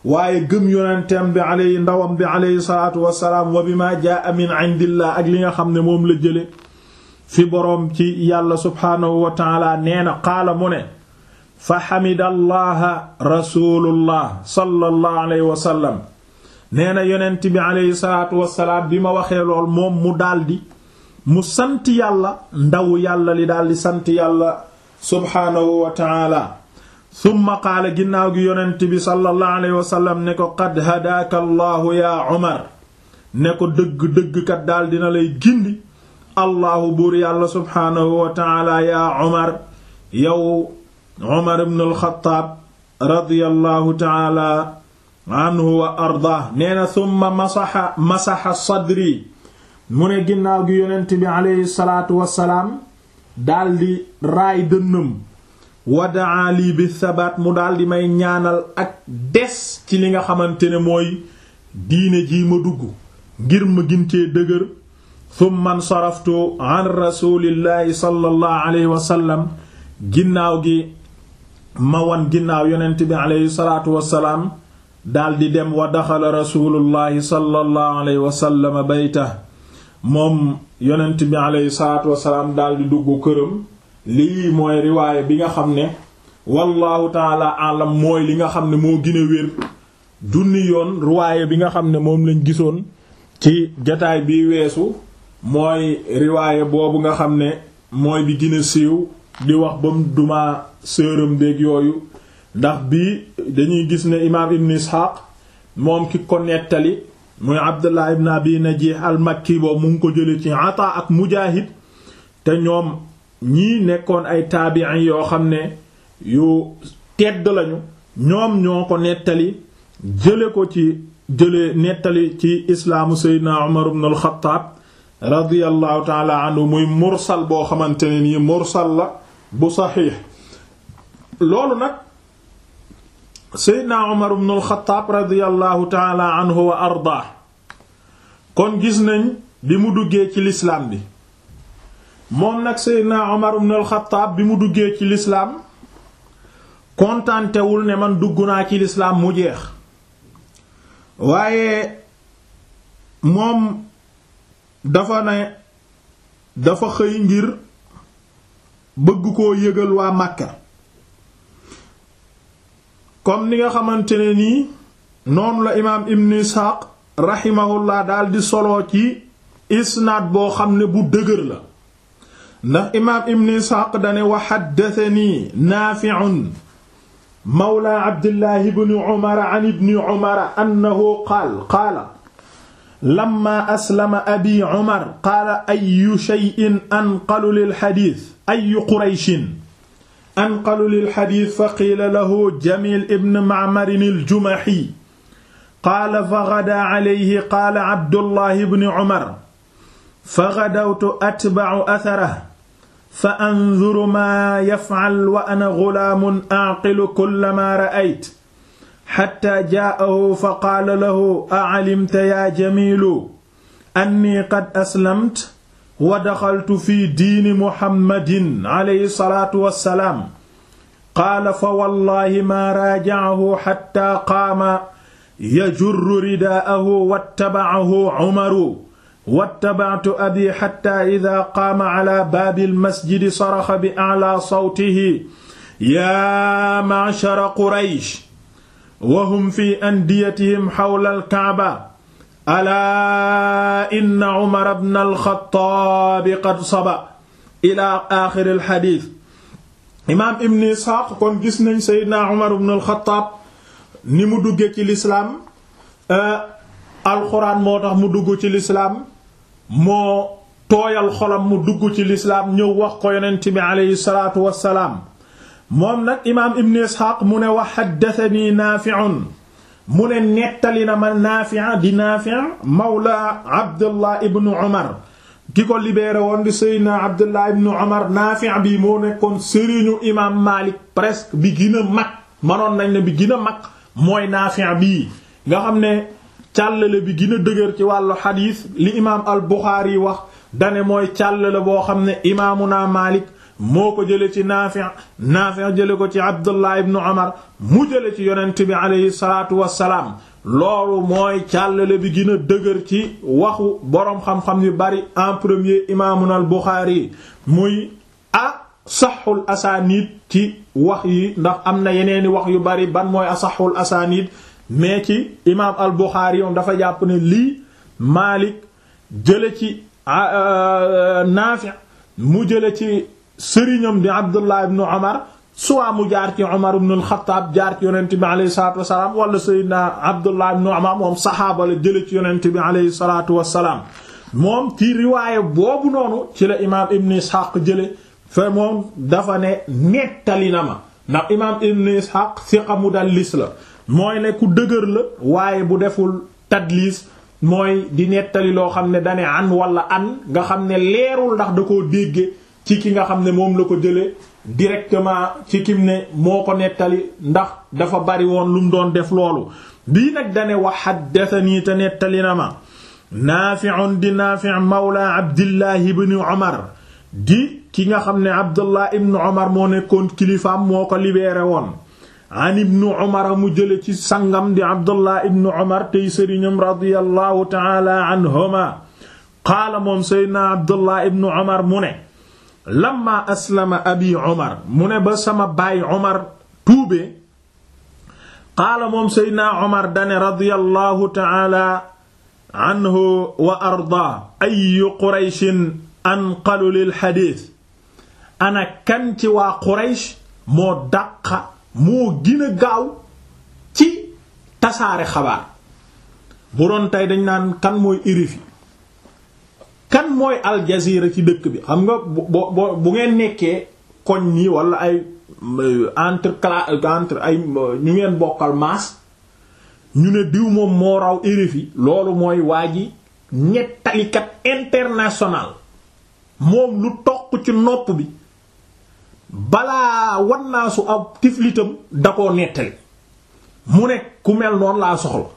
waaye gëm yonenteem bi ndawam bi aleyhi salaatu wasalaam wa bi ma jaa min indillah ak li nga xam ne moom la jële fi boroom ci yàlla subhaanahu wa nee na qaala mu ne fa xamida allaha rasulullah sallallahu wa sallam nee na yonent bi aleyhi salaatu bi ma waxee lool moom mu daldi mu sant yàlla ndaw yàlla li daldi sant yàlla subhaanahu wa taala summa qaala ginnaaw gi yonent bi sallallahu alayhi ne ko qad hadaaka allaahu yaa Umar ne ko dëgg-dëgg kat daal dina lay gindi allaahu buur yàlla subhaanahu wa taala yaa Umar yow Umar ibn al-Khattab taala anhu wa nee na summa masaxa masaxa sadri mu ne ginnaaw gi yonent bi aleyhi salaatu wasalaam daldi raay dënnam wadaa lii bi sabaat mu daldi may ñaanal ak des ci li nga xamante ne mooy diine jii ma dugg ngir ma gin dëgër summa nsaraftu an rasulillahi sallallahu alayhi ginnaaw gi ma wan ginnaaw yonent bi aleyhi salaatu wasalaam daldi dem wa daxala rasulullahi sallallahu alayhi wasallam bayta moom yonent bi aleyhi salaatu wasalaam daldi dugg këram lii mooy riwaayé bi nga xam ne wallahu taala alam mooy li nga xam ne moo gën a wér junni yoon riwaayé bi nga xam ne moom lañ gisoon ci jataay bi weesu mooy riwaayé boobu nga xam ne mooy bi gën siiw di wax ba mu duma sëram déeg yooyu ndax bii dañuy gis ne imaam ibn isxaaq moom ki ko nettali muy abdullah ibn abi najih al makki boobu mu ko jële ci ata ak mujaahid te ñoom ñii nekkoon ay taabiin yoo xam ne yu tedd lañu ñoom ñoo ko nettali jële ko ci jële nettali ci islaamu seydina umar ibn al xattaab radiyallahu muy mursal boo xamante ne nii mursal la bu saxiix loolu nag seydna Umar ibn al radiyallahu taala anhu wa ardaa kon gis nañ bi mu duggee ci lislaam bi moom nag seydna Umar ibn al bi mu duggee ci lislaam kontantewul ne man dugg naa ci lislaam mu jeex waaye moom dafa ne dafa xëy ngir bëgg koo yëgal waa Makka comme ni nga xamante ne nii noonu la imaam ibn isxaaq rahimahullah daal di soloo ci isnaad boo xam ne bu dëgër la ndax imaam ibn isxaaq dane wa xaddatanii naafiun mawla abdillahi bni umara an ibni umara annahu qaal qaala lamma abi umar qaala ayu sheyin anqalu anqalu lil xadiis fa qiila lahu Jamiil ibn Ma'mar al-Jumahi qaala fa gadaa alayhi qaala Abdullah ibn Umar fa gadawtu atba'u atharahu fa anzuru maa yaf'al wa ana ghulaamun a'qilu kullamaa ra'aytu xatta jaa'ahu fa qaala lahu a'alimta yaa Jamiilu annii qad aslamtu wa daxaltu fi diini muhammadin alayhi salaatu wassalaam qaala fa wallaahi maa raajacahu xatta qaama yajurru ridaa'ahu wattabacahu cumaru wattabactu abi xatta idaa qaama calaa baabi lmasjidi saraxa bi aclaa sawtihi yaa macshara quraysh wa hum fi andiyatihim xawla alkaaba alaa inna umar ibn al qad saba ila axiri alxadis imaam ibn isxaaq kon gis nañ seydina umar ibn al ni mu dugge ci lislaam eh, alxuraan moo tax mu dugg ci lislaam moo tooyal xolam mu dugg ci lislaam ñëw wax ko yonent bi aleyhi salaatu wassalaam moom nag imaam ibn isxaaq mu ne wa haddathanii naafi'un mu ne nettali na ma Naafi' di Naafi' mawla Abdullah ibn Umar ki ko libéré woon di Seydina Abdullah ibn Umar Naafi' bii moo nekkoon sëriñu imaam Maalik presque bi gën a mag manoon nañ ne bi gën a mag mooy Naafi' bii nga xam ne càllale bi gina a dëgër ci wàllu xadiis li imaam al Buxaari yi wax dane mooy càllale boo xam ne imaamu naa Maalik moo ko jële ci Naafi' Naafi' jële ko ci Abdullah ibn Umar mu jële ci yonent bi aleyhi salaatu wassalaam loolu mooy càllale bi gën dëgër ci waxu boroom xam-xam yu bari en premier imaamuna al Buxaari muy a saxul asaanid ci wax yi ndax am na yeneeni wax yu bari ban mooy a saxul asaanid mais ci imaam al Buxaari yoon dafa jàpp ne lii Maalik jële ci euh, Naafi' mu jële ci sëriñam di Abdullah ibn Omar soit mu jaar ci Omar ibn al jaar ci yonent bi aleyhi salaatu wa salaam wala Seydina Abdullah Omar moom saxaaba la jële ci yonent bi aleyhi salaatu wa salaam moom ci riwaaya boobu noonu ci la imaam Ibn Ishaq jële fa moom dafa ne nettali na ma ndax imaam Ibn Ishaq siqa mudallis la mooy ne ku dëgër la waaye bu deful tadlis mooy di nettali loo xam ne dane an wala an nga xam ne leerul ndax da koo déggee. ci ki nga xam ne moom la ko jële directement ci kim ne moo ko nettali ndax dafa bari woon lu doon def loolu bii nag dane wa haddathanii te nettali na ma naafi'un di naafi' mawla abdillah ibn omar di ki nga xam ne abdullah ibn omar moo nekkoon kilifaam moo ko libeere woon an ibnu omar mu jële ci sangam di abdullah ibn omar tey sëriñam radiyallahu taala anhuma qaala moom seydna abdullah ibn omar mu ne lamma aslama abi omar mu ne ba sama baay omar tuubee qaala moom seydna omar dane radiyallahu taala anhu wa ardaa ana kan ci waa quraysh moo dàqa moo gën gaaw ci tasaare xabaar bu doon dañ naan kan mooy irifi kan mooy Al Jazeera ci dëkk bi xam nga bu bu ngeen nekkee koñ nii walla ay euh, entre entre ay euh, ñu ngeen bokkal maas ñu ne diw moom moo raw RFI loolu mooy waa ji ñettalikat international moom lu toq ci nopp bi balaa wan naa ab tiflitam da koo nettali mu ne ku mel noon laa soxla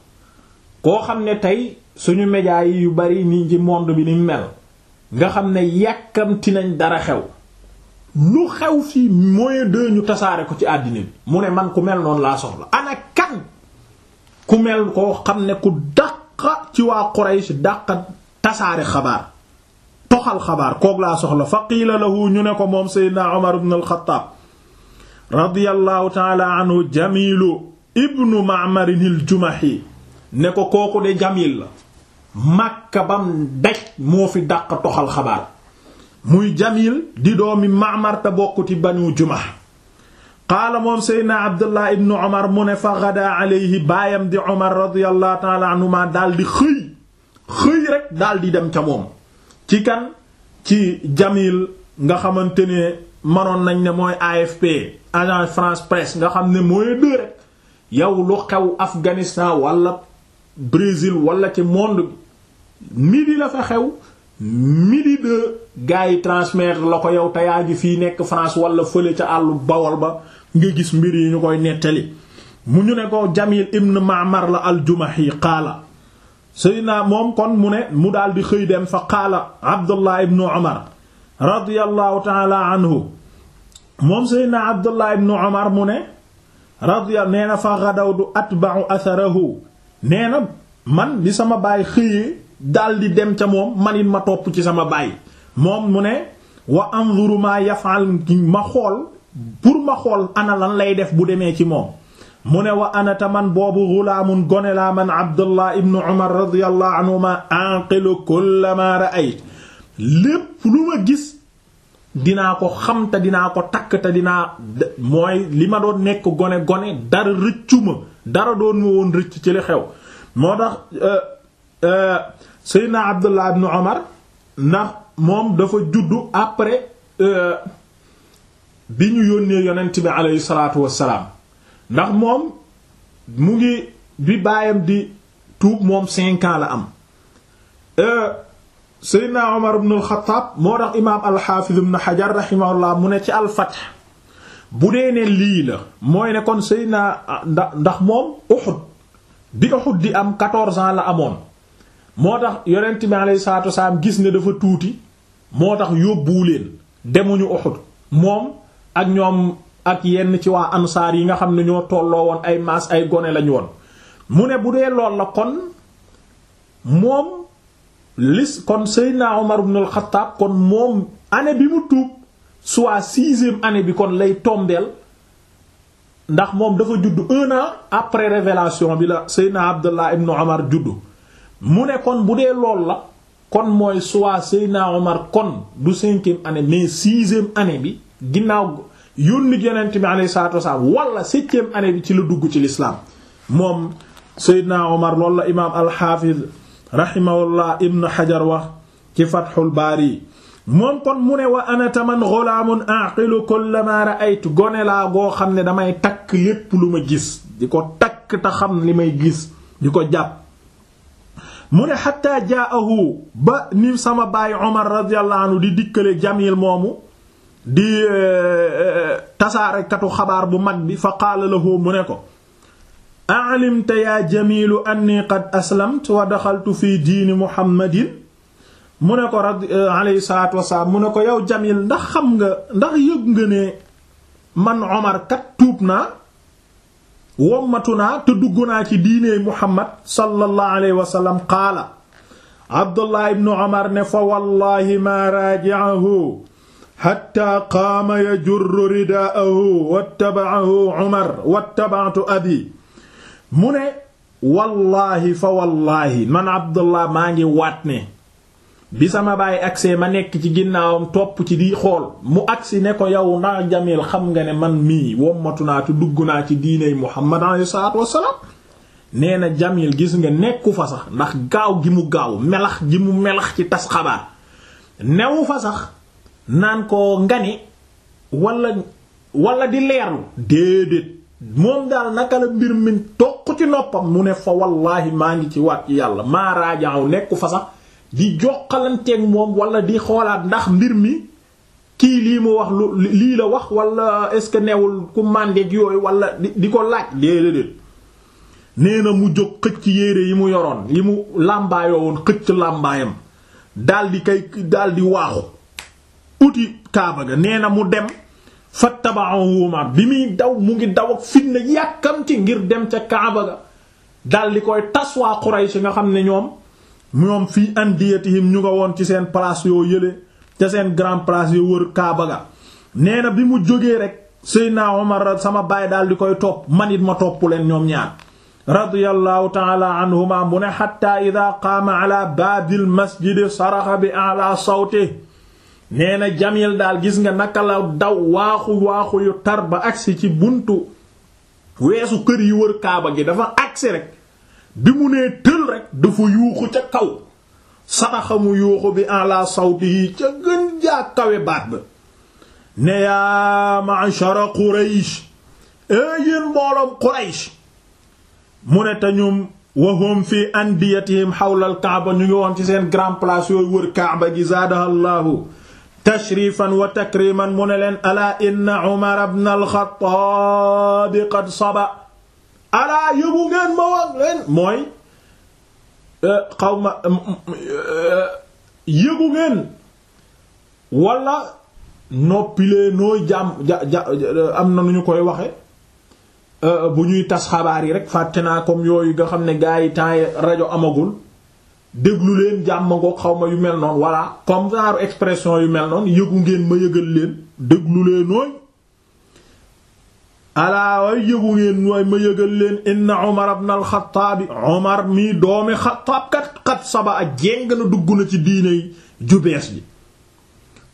koo xam ne tey suñu médias yi yu bari nii ci monde bi ni mel nga xam ne yàkkamti nañ dara xew lu xew fii moyen de ñu tasaare ko ci àddina bi mu ne man ku mel noonu laa soxla ana ku mel koo xam ne ku dàq ci waa Quraysh dàq tasaare xabaar toxal xabaar koog laa soxla fa qiila lahu ñu ne ko moom Seydina Omar ibn al-Khattab radiyallahu taala anhu ibnu Ma'mar al-Jumahi ne ko kooku de jamil la Makka bam daj moo fi dàq toxal xabaar muy Jamil di doomi Ma'mar te bokkuti Banu Jumax qaala moom Seydina Abdullah ibn Omar mu ne fa ghadaa alayhi baayam di Omar radiyallahu ta'ala anhuma daal di xëy xëy rek daal dem ca moom ci kan ci Jamil nga xamante ne manoon nañ ne mooy AFP Agence France Presse nga xam ne mooy deux rek yow lu xew Afghanistan wala Brésil wala ci monde midi la fa xew midi de gars yi transmettre la ko yow te yaa ngi nekk France wala fële ca àllu bawol ba nga gis mbir yi ñu koy nettali mu ñu ne ko Jamil ibn Ma'mar la al-Jumahi qaala Seydina moom kon mu ne mu daal di xëy dem fa qaala Abdullah ibn Umar radiyallahu ta'ala anhu moom Seydina Abdullah ibn Umar mu ne radiya nee na fa ghadawtu atba'u atharahu nee na man di sama baay xëyee di dem ca moom manit ma topp ci sama baay moom mu ne wa anzuru ma yaf'al ma xool pour ma xool ana lan lay def bu demee ci moom mu ne wa anata man boobu gulaamun gone laa man abdullah ibnu umar radiyallahu anhuma anqilu kullama ra'ayt lépp lu ma gis dinaa ko xam te dinaa ko takk te dinaa mooy li ma doon nekk gone gone dara rëccu ma dara doon ma woon rëcc ci li xew Euh, Seydina Abdullah ibn Omar ndax moom dafa juddu après euh, bi ñu yónnee yonent bi aleyhi salaatu wassalaam ndax moom mu ngi bi baayam di tuub moom cinq la am euh, Seydina Omar ibn al-Khattab moo tax imaam al-Hafiz ibn Hajar mu ne ci alfat bu dee ne lii la mooy ne kon Seydina ndax moom Uhud bi Uhud di am quatorze ans la amoon moo tax yonent bi alayhi salaatu wasalaam gis ne dafa tuuti moo tax yóbbu leen demuñu Uhud moom ak ñoom ak yenn ci waa ansaar yi nga xam ne ñoo tolloo woon ay maas ay gone lañu woon mu ne bu dee lool la kon moom lis kon Seydina Omar ibn al-Khattab kon moom année bi mu tuub soit sixième année bi kon lay tombeel ndax moom dafa judd un après révélation bi la Seydina Abdullah ibn Omar juddu mu ne kon bu dee lool la kon mooy soit Seydina Omar kon du cinquième année mais sixième année bi ginnaaw yónni yonent bi alayhi salaatu wasalaam wala septième année bi ci la dugg ci lislaam moom Seydina Omar lool la imaam al-Hafiz rahimahullah Ibn Hajar wax ci Fathul Baari moom kon mu ne wa anata man ghulaamun aqilu kullama gone laa goo xam ne damay takk lépp lu ma gis di ko takk te xam li may gis di ko jàpp mu ne xatta jaahu ba ni sama baay Omar radiyallahu di dikkale Jamil moomu di eh, eh, tasaarekatu xabaar bu mag bi fa qaala lahu mu ne ko a'limta yaa Jamilu anni qad aslamtu wa daxaltu fi diini Muhammadin mu ne ko radi eh, alayhi salaatu wasalaam mu ne ko yow Jamil ndax xam nga ndax yëg nga ne man Omar kat tuub naa wommatu naa te dugg naa ci diine muhammad sallallahu alayhi wa sallam qaala abdullah ibnu omar ne fa wallahi maa raaji'ahu xatta qaama yajurru ridaa'ahu wattaba'ahu omar wattaba'tu abi mu ne fa wallaahi man abdullah maa ngi bi sama baay agsee ma nekk ci ginnaawam topp ci di xool mu agsi ne ko yow ndax Jamil xam nga ne man mii wommatu naa ci dugg naa ci diiney Muhammad alayhi salaatu wassalaam nee na Jamil gis nga nekku fa sax ndax gaaw gi mu gaaw melax gi mu melax ci tas xabaar newu fa sax naan ko ngani walla walla di leerlu déedéet moom daal naka la mbir mi toq ci noppam mu ne fa wallaahi maa ngi ci waat yàlla maa raajaaw nekku fa sax di joxalanteeg moom wala di xoolaat ndax mbir mi kii lii mu wax lu lii la wax walla est-ce que newul ku màndeeg yooyu wala di di ko laaj déedéet nee na mu jóg xëcc yére yi mu yoroon yi mu làmbaayoo woon xëcc làmbaayam daldi kay daldi waaxu uti kaaba ga nee na mu dem fa tabaawuma bi muy daw mu ngi daw ak fitna ci ngir dem ca kaaba ga daldi koy tas waa Quraysh nga xam ne ñoom ñoom fii andiyatihim ñu nga woon ci seen place yoo yële ca seen grand place yoo wër Kaaba ga nee na bi mu jógee rek Seydina Omar sama baay daal di koy topp man it ma topp leen ñoom ñaar radiyallahu taala anhuma mu ne xatta ida qaama ala baabil masjidi saraxa bi ala sawti nee na Jamil daal gis nga naka la daw waaxu waaxu yu tar ba agsi ci buntu weesu kër yi wër Kaaba gi dafa agsi rek bi mu nee tël rek dafa yuuxu ca kaw saraxamu yuuxu bi ala sawtihi ca gën jaa kawe baat ba ne yaa ma'shara Quraysh yéen mbooloom Quraysh mu ne te ñum wahum fi andiyatihim xawla alkaaba ñu ngi woon ci seen grand place yooyu wër kaaba gi zaadaha llahu tashrifan wa takriman mu ne leen ala inna Umar ibn al-Khattab qad saba alaa yëgu ngeen ma wax leen mooy euh, xaw ma euh, euh, yëgu ngeen wala noppilee nooy jàmm ja ja am na nu ñu koy waxe bu ñuy tas xabaar yi rek fàtte naa comme yooyu nga xam ne gaa yi temps rajo amagul déglu leen jàmm ngoog xaw ma yu mel noonu voilà comme genre expression yu mel noonu yëgu ngeen ma yëgal leen déglu leen alaa yëgu ngeen way ma yëgal leen inna Umar ibn al-Khattab Umar mii doomi Xattaab kat xat saba ak jéng na dugg na ci diine ju bees ji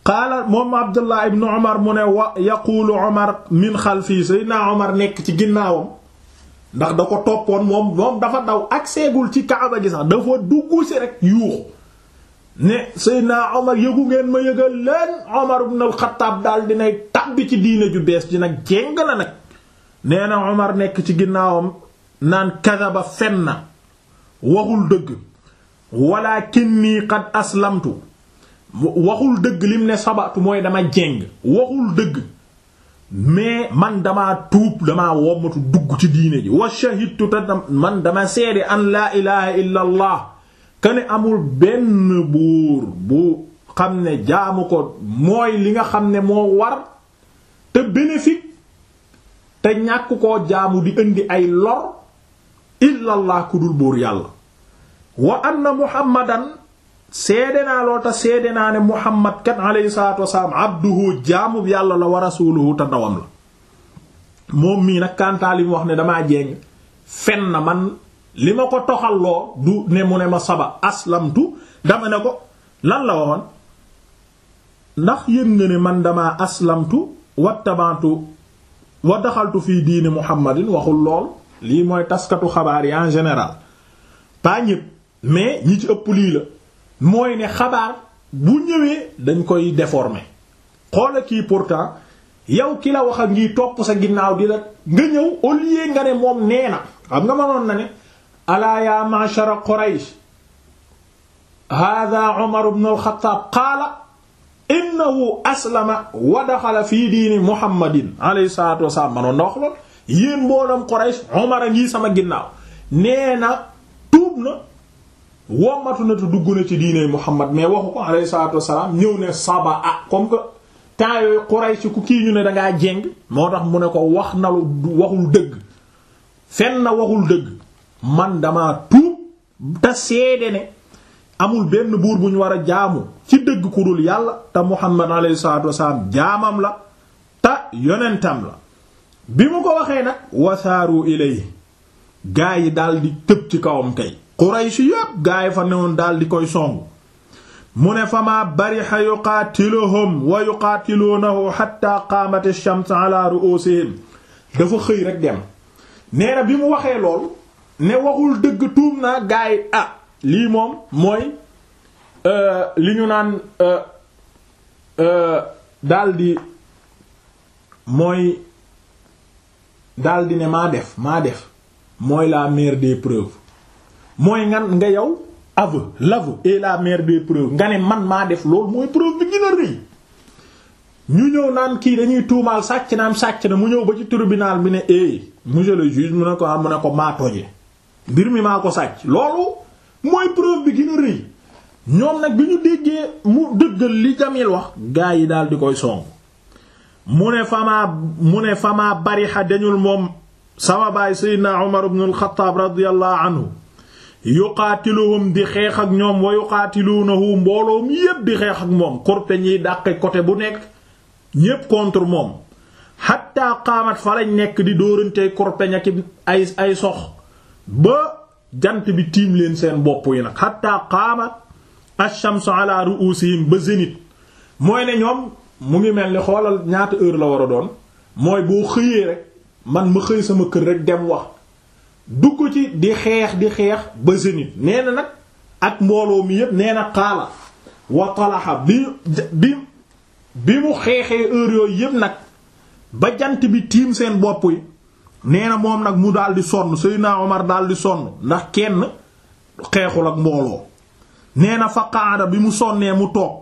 qaala moom Abdullah ibn Umar mu ne wa yaquulu min xalfii Seydina Umar nekk ci ginnaawam ndax da ko toppoon moom moom dafa daw ak seegul ci Kaaba gi sax dafa dugg si rek yuux ne Seydina Omar yëgu ngeen ma yëgal leen Omar ibn al-Khattab daal dinay tàbbi ci diine ju bees ji nag jéng na nag nee na Omar nekk ci ginnaawam naan kadaba fen na waxul dëgg walaakinnii qad aslamtu waxul dëgg lim ne sabatu mooy dama jéng waxul dëgg mais man dama tuub dama wommatu dugg ci diine ji wa shahidtu ta man dama seeri an laa ilaha illa allah kene amul benn buur bu xam ne jaamu ko mooy li nga xam ne moo war te bénéfique te ñàkk ko jaamu di indi ay lor illallah ku dul buur yàlla wa anna muhammadan seede naa lool seede naa ne muhammad kat alayhi salaatu wasalaam abduhu jaamu yàlla la wa rasuluhu te ndawam la moom mii nag kantaa li mu wax ne damaa jéng fen na man li ma ko toxal loo du ne mu ne ma saba aslamtu dama ne ko lan la waxoon ndax yëg nga ne man dama aslamtu wattabantu wa daxaltu fii diini muhammadin waxul lool lii mooy taskatu xabaar yi en général pas mais ñi ci ëpp lii la mooy ne xabaar bu ñëwee dañ koy déformer xoola kii pourtant yow ki la wax ak ngi topp sa ginnaaw di la nga ñëw au nga ne moom nee na xam nga mënoon na ne alaa ya ma'shara quraish hadha umar ibn al-khattab innahu aslama wa fii diini muhammadin alayhi salaatu wasalaam manoon na wax lool yéen mboolem Quraysh Umar a ngi sama ginnaaw nee na tuub na wommatu na te dugg na ci diine muhammad mais waxu ko alayhi salaatu wasalaam ñëw ne saba ah comme que temps yooyu ku kii ñu ne dangaa jéng moo tax mu ne ko wax na lu waxul dëgg fen na waxul dëgg man dama tuub te seede ne amul benn buur bu ñu war a jaamu ci dëgg ku dul yàlla te muhammad alayhi salaatu wasalaam jaamam la te yonentam la bi mu ko waxee nag wasaaru ilay gaa yi daldi di tëb ci kawam kay Quraysh yépp gaa fa daal di koy songu mu ne famaa bariha yuqaatiluhum nee na bi mu waxee lool ne waxul dëgg tuum naa gaa yi ah, lii moom mooy euh, li ñu naan euh, euh, daldi mooy daldi ne maa def maa def mooy la mère des preuves mooy nga nga yow aveu l'aveu et la mère des preuves nga ne man maa def loolu mooy preuve bi gën rëy ñu ñëw naan kii dañuy tuumaal sàcc naam sàcc na mu ñëw ba ci tribunal bi ne eh monsieur le juge mu ne ko ah mu ne ko maa toje mbir mi maa ko sàcc loolu mooy preuve bi gën a rëy ñoom nag bi ñu déggee mu dëggal li Jamil wax gaa yi daal di koy song mu ne famaa mu ne famaa bari dañul moom sama baay Seydina Umar ibn al-Khattab radiyallahu anhu yuqaatiluhum di xeex ak ñoom wa yuqaatiluunahu mbooloom yépp di xeex ak moom korte ñiy dàqe côté bu nekk ñépp contre moom xatta qaamat fa nekk di dóorante korpeñ ak ay ay sox ba jant bi tiim leen seen bopp yi nag xatta qaamat ash-shamsu ala ru'usihim mooy ne ñoom mu ngi mel ni xoolal ñaata heure la war a doon mooy boo xëyee rek man ma xëy sama kër rek dem wax dugg ci di xeex di xeex ba zénith nee nag ak mbooloo mi yépp nee na xaala wa talaxa bi bi bi mu xeexee heure yooyu yépp nag ba jant bi tiim seen bopp yi nee na moom nag mu daal di sonn Seydina Omar daal di sonn ndax kenn xeexul ak mbooloo nee na fa bi mu sonnee mu toog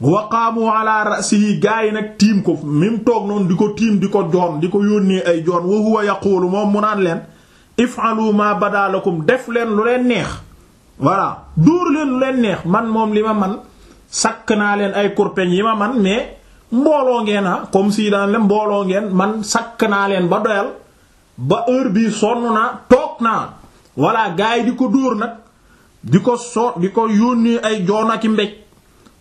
waqaamu ala ra'sihi gaa yi nag tiim ko mim toog noonu di ko tiim di ko joon di ko yónnee ay joon wa huwa yaquulu moom mu naan leen ba if'alu ma badalakum def leen lu leen neex voilà dóor leen lu leen neex man moom li ma man sakk naa leen ay kurpeñ yi ma man mais mbooloo ngeen ah kom si daan leen mbooloo ngeen man sakk naa leen ba doyal ba heure bii sonn naa toog naa walla gars yi di ko duur nag di ko so di ko yónnee ay joon ak i mbéj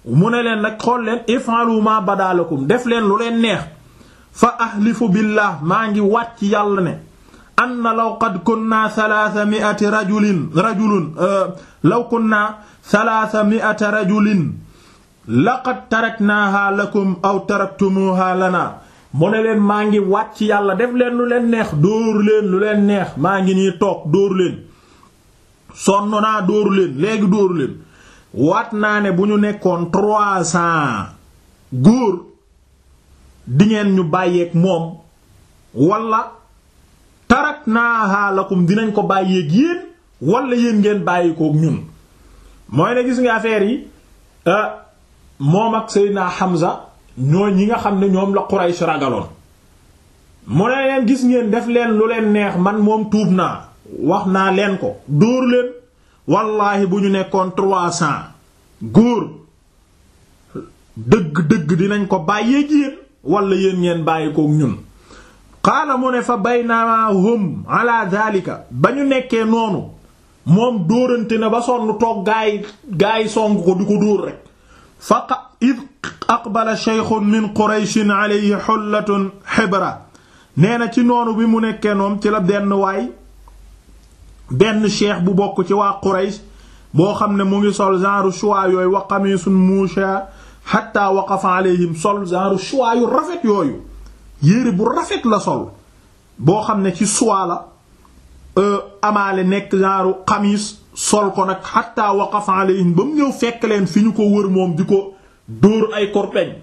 mu ne leen nag xool leen if'alu ma badalakum def leen lu leen neex fa ahlifu billah maa ngi wàcc yàlla ne anna law qad kunna salaasa mi'ati rajulin rajulun euh, law kunna salaasa mi'ati rajulin laqad taraknaaha lakum aw taraktumuha lana mu ne leen maa ngi waat ci yàlla def leen lu leen neex dóor leen lu leen neex maa ngi nii toog dóor leen sonn naa dóor leen léegi dóor waat naa ne bu ñu nekkoon trois cents góor dingeen ñu bàyyeeg moom wala tarak naa xaalakum dinañ ko bàyyeeg yéen wala yéen ngeen bàyyi ñun mooy ne gis nga affaire yi euh, moom ak Seydina Hamza ñoo ñi nga xam ne ñoom la Quraysh ragaloon mu ne leen gis ngeen def leen lu leen neex man moom tuub naa wax naa leen ko dóor leen wallaahi bu ñu nekkoon trois cents góor dëgg-dëgg dinañ ko bàyyee yéen wala yéen ngeen bàyyi kook ñun xaala mu ne fa baynahum ala daalika ba ñu nekkee noonu moom dóorante na ba sonn toog gaay gaay song ko di ko dóor rek aqbala sheykhun min qurayshin alayhi xullatun xibra nee na ci noonu bi mu nekkee noom ci la benn waay benn cheikh bu bokk ci waa quraysh boo xam ne mu ngi sol genre choix yooyu wa qamisun musha hatta waqafa alayhim sol genre choix yu rafet yooyu yére bu rafet la sol boo xam ne ci choix la euh, amaale nekk genre xamis sol ko nag hatta waqafa alayhim ba mu ñëw fekk leen fi ñu ko wër moom di ko dóor ay korpeñ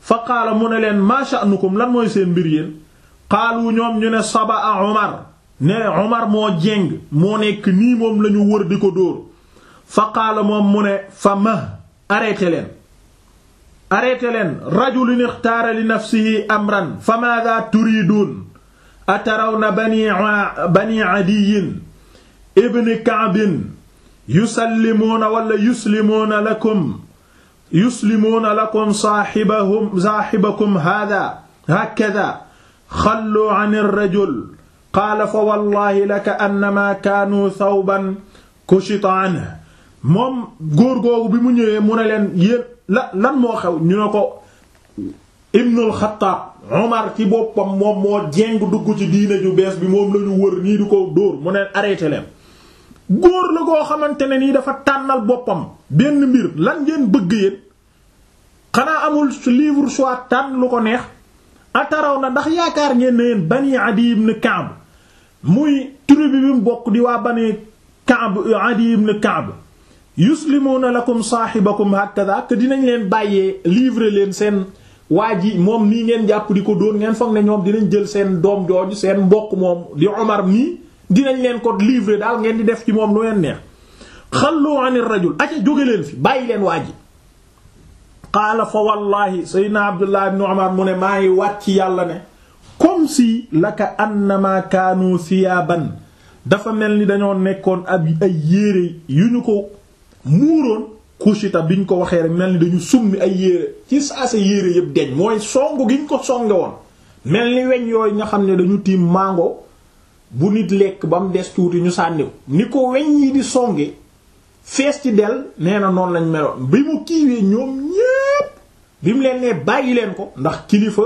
fa qaala mu ne leen ma sha'nukum lan mooy seen mbir yéen qaalu ñoom ñu ne saba a ne omar moo jéng moo nekk nii moom lañu wër di ko dóor fa qaala moom mu ne fa ma arrêté leen arrêté leen rajulun ixtaara li nafsihi amran fa maada turiiduun atarawna bani bani adiyin ibni kaabin yusallimuuna wala yuslimuuna lakum yuslimuuna lakum saaxibahum saaxibakum haadaa hakadaa xalluu an irrajul qaala fa wallaahi laka annamaa kaanuu thawban kushita anhu moom góor googu bi mu ñëwee mu ne leen yéen la lan moo xew ñu ne ko ibnul xattaab omar ci boppam moom moo jéng dugg ci diine ju bees bi moom lañu wër nii di ko dóor mu neen arrêté leen góor la koo xamante ne nii dafa tànnal boppam benn mbir lan ngeen bëgg yéen xanaa amul livre choix tànn lu ko neex ataraw na ndax yaakaar ngeen ne yéen bani Adi ibn Ka'b muy tribu bi mu bokk di waa bani Ka'b Adi ibn Ka'b yuslimuuna lakum saahibakum hakaza que dinañ leen bàyyee livrer leen seen waa ji moom nii ngeen jàpp di ko doon ngeen foog ne ñoom dinañ jël seen doom jooju seen mbokk moom di Omar nii dinañ leen ko livrer daal ngeen di def ci moom lu leen neex xallu anir rajul aca jóge leen fi bàyyi leen waa ji qaala fa wallahi saydna abdullah ibn umar mu ne maa ngi wàcc yàlla ne comme si laka annama kaanu siyaaban dafa mel ni dañoo nekkoon ab ay yére yu ñu ko muuroon kushita biñ ko waxee rek mel ni dañu summi ay yére ci saasa yére yëpp deñ mooy song giñ ko songe mel ni weñ yooyu nga xam ne dañu tiim màngo bu nit lekk ba mu des tuuti ñu sànniw ni ko weñ yi di songe fees ci del nee na noonu lañ meloon bi mu kiiwee ñoom ñépp bi mu leen nee bàyyi leen ko ndax kilifa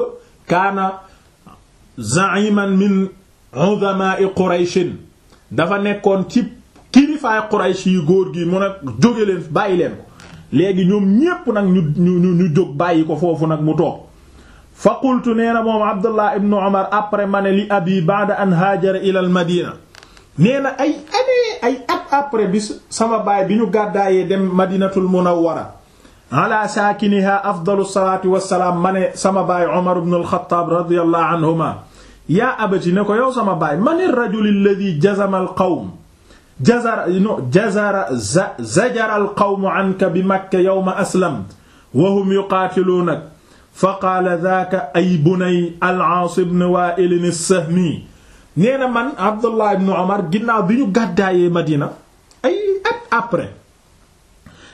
kaana za'iman min udama'i quraish dafa nekkoon ci kilifaay quraish góor gi mu nag jóge leen bàyyi leen ko léegi ñoom ñépp nag ñu ñu ñu jóg bàyyi ko foofu nag mu toog fa qultu nee na moom abdullah ibnu omar après ma ne li abi baada an haajara ila al madina nee na ay année ay at après bi sama baay bi ñu gàddaayee dem madinatul munawwara ala saakiniha afdalu salaati wassalaam ma ne sama baay omar ibn alxataab radiyallahu anhuma yaa abati ne ko yow sama baay man ar-rajul alladhi jazama al-qawm jazara no jazara zajara al-qawm anka bi makka yawma aslamta wa hum yuqaatiluunaka fa qaala daaka ay bunay al-Aas ibn Waa'il as-Sahmi nee na man Abdullah ibn Omar ginnaaw bi ñu gàddaayee Madina ay at après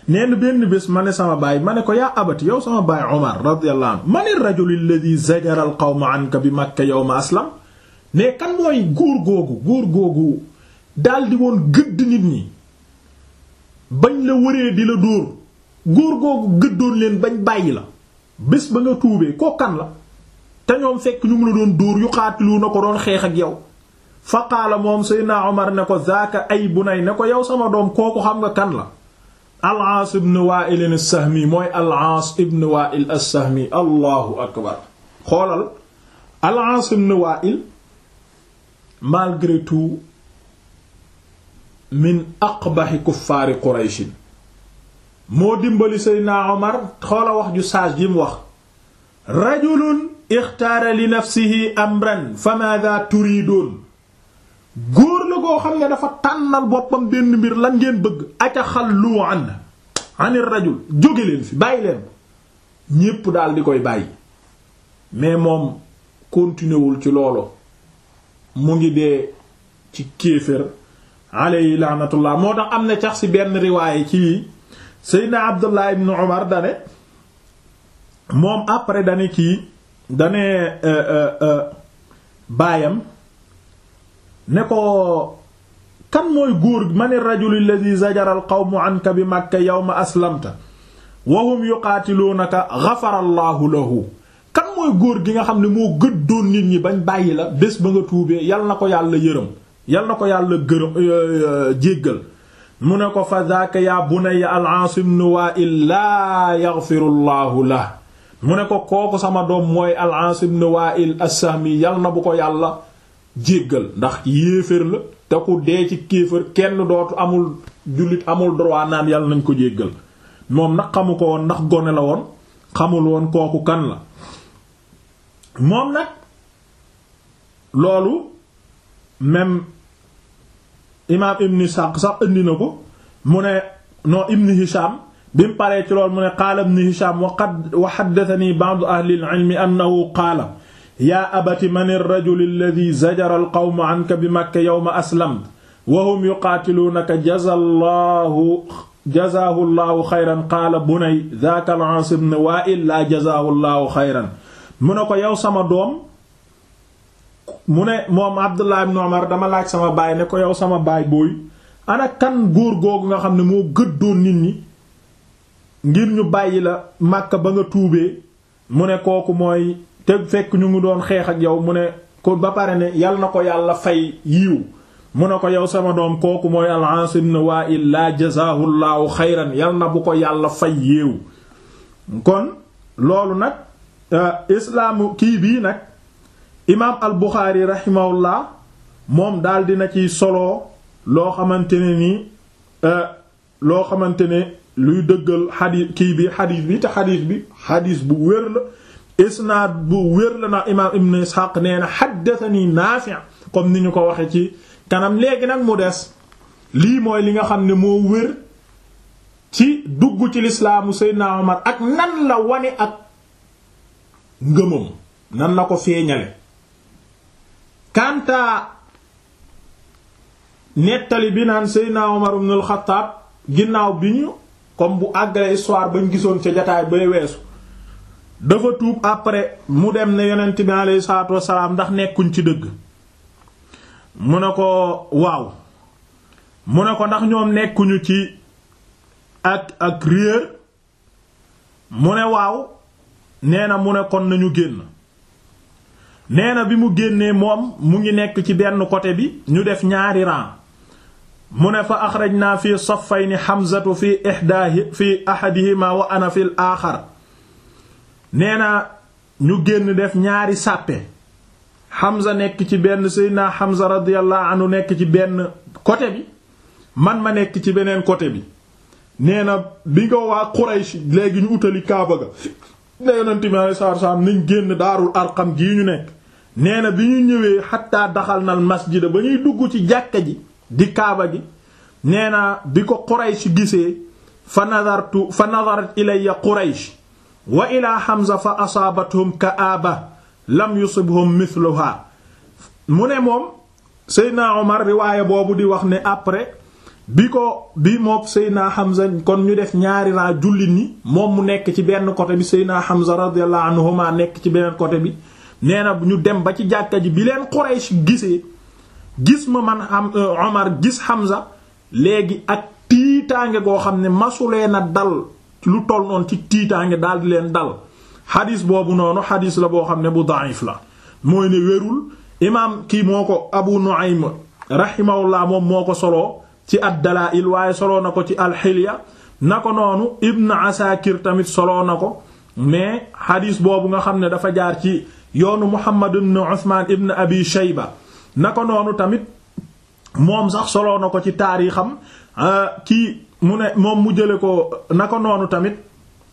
nee benn bés ma ne sama baay ma ne ko yaa abati yow sama baay Omar radiyallahu anhu man ar-rajul alladhi zajara al-qawma bi Makka yawma aslam ne góor googu góor googu daldi woon gëdd nit ñi bañ la wëree di la dóor góor googu gëddoon leen bañ bàyyi la bés ba nga tuubee koo kan la te ñoom fekk ñu mu la doon dóor yu xaatilu na ko doon xeex ak yow fa qaala moom Seydina Omar ne ko zaaka ay bu ne ko yow sama doom kooku xam nga kan la al-Aas ibn Waa'il as-Sahmi mooy al-Aas ibn Waa'il as ibn Waa'il malgré min aqbahi kuffaari Quraysh moo dimbali Seydina Omar xoola wax ju sage ji mu wax rajulun ixtaara li am amran fa maada turidoon góor la goo xam ne dafa tànnal boppam benn mbir lan ngeen bëgg aca xallu an anir rajul jóge leen fi bàyyi leen ñépp daal di koy bàyyi mais moom continuewul ci loolu mu ngi dee ci kéefër alayhi laanatullah moo tax am na cax ci benn riwaaye ci Seydina Abdullah ibn Umar dane moom après dane kii dane euh, euh, euh, baayam ne ko kan mooy góor ma ne rajul alladhi zajara al qawmu anka bi makka yawma aslamta wa hum yuqaatiluunaka ghafara allahu lahu kan mooy góor gi nga xam ne moo gëddoon nit ñi bañ bàyyi la bés ba nga tuubee yal na ko yàlla yërëm yal na ko yàlla gërëm jéggal mu ne ko fa daaka yaa bunayya al-Aas ibn Waa'il laa yaghfiru la mu ne ko kooku sama doom mooy al-Aas ibn Waa'il as yal na bu ko yàlla jéggal ndax yéeféer la te ku dee ci kéefër kenn dootu amul jullit amul droit naan nañ ko jéggal moom nag xamu ko woon ndax gone la woon xamul woon kooku kan la moom nag loolu même imaam Ibn Ishaq sax indi na ko mu ne non Ibn Hisham bi mu paree ci loolu mu ne qaala Ibn Hisham wa qad wa haddathanii ba'du ahli al-'ilmi annahu qaala yaa abati man ar-rajulu alladhii zajara al-qawma 'anka bi Makka yawma aslamta wa hum yuqaatiluunaka jazallaahu jazaahu llaahu xayran qaala bunay dhaaka al-'Aas ibn Waa'il laa jazaahu llaahu xayran mu ne ko yow sama doom mu ne moom Abdullah ibn Umar dama laaj sama baay ne ko yow sama baay booy ana kan góor googu nga xam ne moo gëddoon nit ñi ngir ñu bàyyi la Makka ba nga tuubee mu ne kooku mooy te fekk ñu ngi doon xeex ak yow mu ne ko ba pare ne yal na ko yàlla fay yiw mu ne ko yow sama doom kooku mooy al-Aas ibn Waa'il laa jazaahu llaahu yal na bu ko yàlla fay yiw kon loolu nag euh, islaamu kii bii nag imaam al buxaari rahimahullah moom daldi na ci solo loo xamante ne ni euh, loo xamante ne luy dëggal xadiis kii bi xadiis bi te xadiis bi xadiis bu wér la isnaad bu wér la na imaam ibn ishaq nee na xaddatani naafi' comme ni ñu ko waxee ci kanam léegi nag mu des lii mooy li nga xam ne moo wér ci dugg ci lislaamu seydna omar ak nan la wane ak ngëmam nan la ko feeñale kanta nettali bi naan Seydina Omar ibn al-Khattab ginnaaw bi ñu comme bu àggale histoire bañ gisoon ca jataay bay weesu dafa tuub après mu dem ne yonent bi alayhi salaatu ndax nekkuñ ci dëgg mu ne ko waaw mu ne ko ndax ñoom nekkuñu ci ak ak réer mu ne waaw nee na mu ne kon nañu génn nee na bi mu génnee moom mu ngi nekk ci benn côté bi ñu def ñaari rang mu ne fa axrajna fi saffayni Hamzatu fi ihdahi fi ahadihima wa ana fil aaxar nee na ñu génn def ñaari sàppe Hamza nekk ci benn Seydina Hamza radiyallahu anhu nekk ci benn côté bi man ma nekk ci beneen côté bi nee na bi nga waa Quraysh léegi ñu utali Kaaba ga ne yonent mi alayhi niñ génn daarul arqam gi ñu nekk nee na bi ñu ñëwee xatta daxal nal masjida ba ñuy dugg ci jàkka ji di kaaba gi nee na bi ko Quraysh gisee fa nadartu fa nadarat ilayya Quraysh wa ila Hamza fa asaabathum ka'aba lam yusibhum mithluha mu ne moom Seydina Omar riwaaya boobu di wax ne après bi ko bi moom Seydina Hamza kon ñu def ñaari raa jullit ñi moom mu nekk ci benn côté bi Seydina Hamza radiyallahu anhuma nekk ci beneen côté bi nee na ñu dem ba ci jàkka ji bi leen Quraysh gisee gis ma man am euh, Omar gis Hamza léegi ak tiitaange goo xam ne masulee na dal lu toll noonu ci tiitaange daal di leen dal xadis boobu noonu xadis la boo xam ne bu daif la mooy ne wérul imaam kii moo ko Abu Nu'aym rahimahullah moom moo ko soloo ci ad-Dalaa'il waaye soloo na ko ci al-Hilya na ko noonu Ibn Asakir tamit soloo na ko mais xadis boobu nga xam ne dafa jaar ci yoonu Muhammad ibn Usmaan ibn Abi Shayba naka noonu tamit moom sax soloo na ko ci taarixam ah, kii mu ne moom mu jële ko naka noonu tamit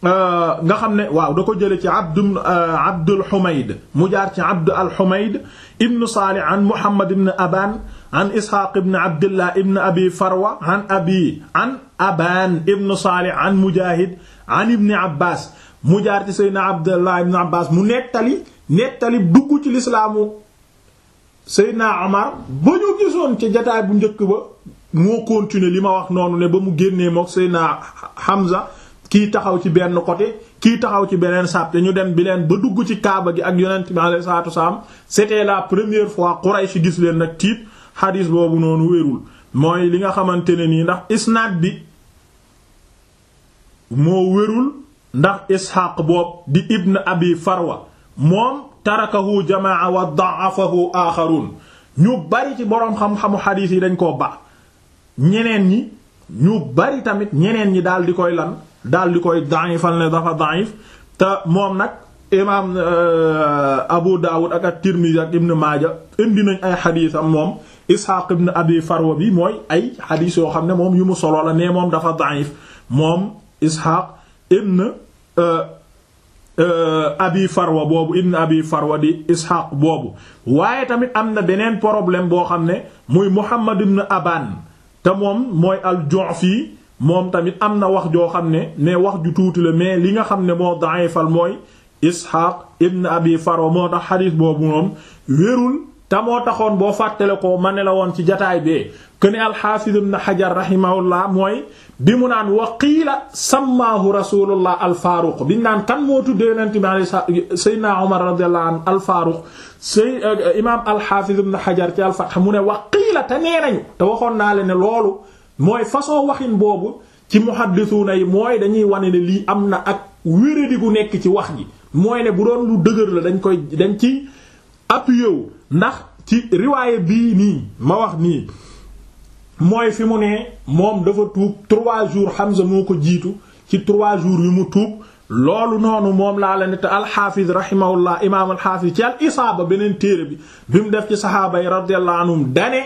ah, nga xam ne waaw da ko jële ci Abdu ah, Abdul Humayd mu jaar ci Abdu al Humayd ibn Salih an Muhammad ibn Aban an Ishaq ibn Abdillah ibn Abi Farwa an abi an Aban ibn Salih an Mujahid an Ibn Abbas mu jaar ci Sayyidina Abdullah ibn Abbas mu nettali nettali dugg ci lislaamu Seydina Omar ba ñu gisoon ci jataay bu njëkk ba moo continuer li ma wax noonu ne ba mu génnee mook Seydina Hamza kii taxaw ci benn côté kii taxaw ci beneen sàpp te ñu dem bi leen ba dugg ci kaaba gi ak yonent bi alayhi salaatu wasalaam c'était la première fois Quraysh gis leen nag tiit xadiis boobu noonu wérul mooy li nga xamante ne nii ndax isnaad bi moo wérul ndax Isxaaq boobu di ibn Abi Farwa moom tarakahu jamaa wa da'afahu aaxarun ñu bari ci boroom xam-xamu xadiis yi dañ koo baax ñeneen ñi ñu bari tamit ñeneen ñi daal di koy lan daal di koy da'ifal ne dafa da'if te moom nag imaam euh, Abu Dawud ak at-Tirmidhi ak Ibn Maaja indi nañ ay xadiisam moom Isxaaq ibn Abi Farwa bi mooy ay xadiis yoo xam ne moom yu mu solo la ne moom dafa da'if moom Isxaaq ibn euh, Euh, abi farwa boobu ibn abi farwa di ishaq boobu waaye tamit am na beneen problème boo xam ne muy muhammad ibn aban te moom mooy al-Ju'fi moom tamit am na wax joo xam ne ne wax ju tuuti la mais li nga xam ne moo da'ifal mooy ishaq ibn abi farwa moo tax xadiis boobu moom wérul te moo taxoon boo fàttale ko ma ne la woon ci jataay bee këni alxaafiz ibn xajar rahimahullah mooy bi mu naan waqiila sammaahu rasulullah alfaaruq biñ naan kan moo tudd yonent bi ale seydna omar radiyallahu anhu alfaaruq euh, alxaafiz ibn xajar ci alfath mu ne waqiila te nee nañu te waxoon naa leen ne loolu mooy façon waxin boobu ci muhaddisuuna yi mooy dañuy wane ne lii am na ak wéradi gu nekk ci wax ji mooy ne bu doon lu dëgër la dañ koy dañ ci appuyé wu ndax ci riwaaye bi nii ma wax nii mooy fi mu ne moom dafa tuub trois jours Hamza moo ko jiitu ci trois jours yu mu tuub loolu noonu moom laa la ne te alxaafiz rahimahullah imaam alxaafiz ci al isaaba beneen téere bi bi mu def ci saxaaba yi radiyallahu anhum dane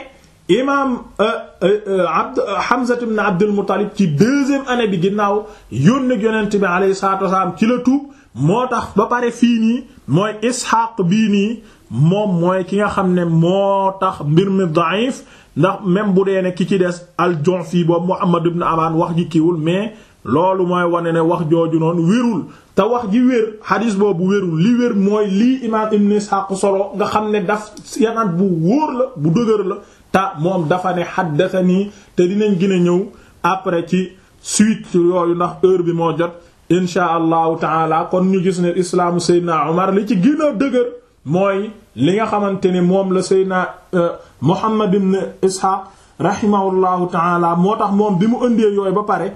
imaam euh, euh, euh, abd Hamza ibn Abdul Muttalib ci deuxième année bi ginnaaw yónni yonent bi alayhi salaatu wasalaam ci la tuub moo tax ba pare fii nii mooy isxaq bii nii moom mooy ki nga xam ne moo tax mbir mi da'if ndax même bu dee ne ki ci des al-Ju'fi boobu Muhammad ibn Aban wax ji kiiwul mais loolu mooy wane ne wax jooju noonu wérul te wax ji wér xadis boobu wérul li wér mooy lii imaam ibn Isxaaq solo nga xam ne daf yanat bu wóor la bu dëgër la te moom dafa ne xaddasa nii te dinañ gën a ñëw après ci suite yooyu ndax heure bi moo jot insha allahu taala kon ñu gis ne islaamu seydna omar li ci gën a dëgër mooy li nga xamante ne moom la seydna euh, muhammad ibn ishaq rahimahullahu taala moo tax moom bi mu indee yooyu ba pare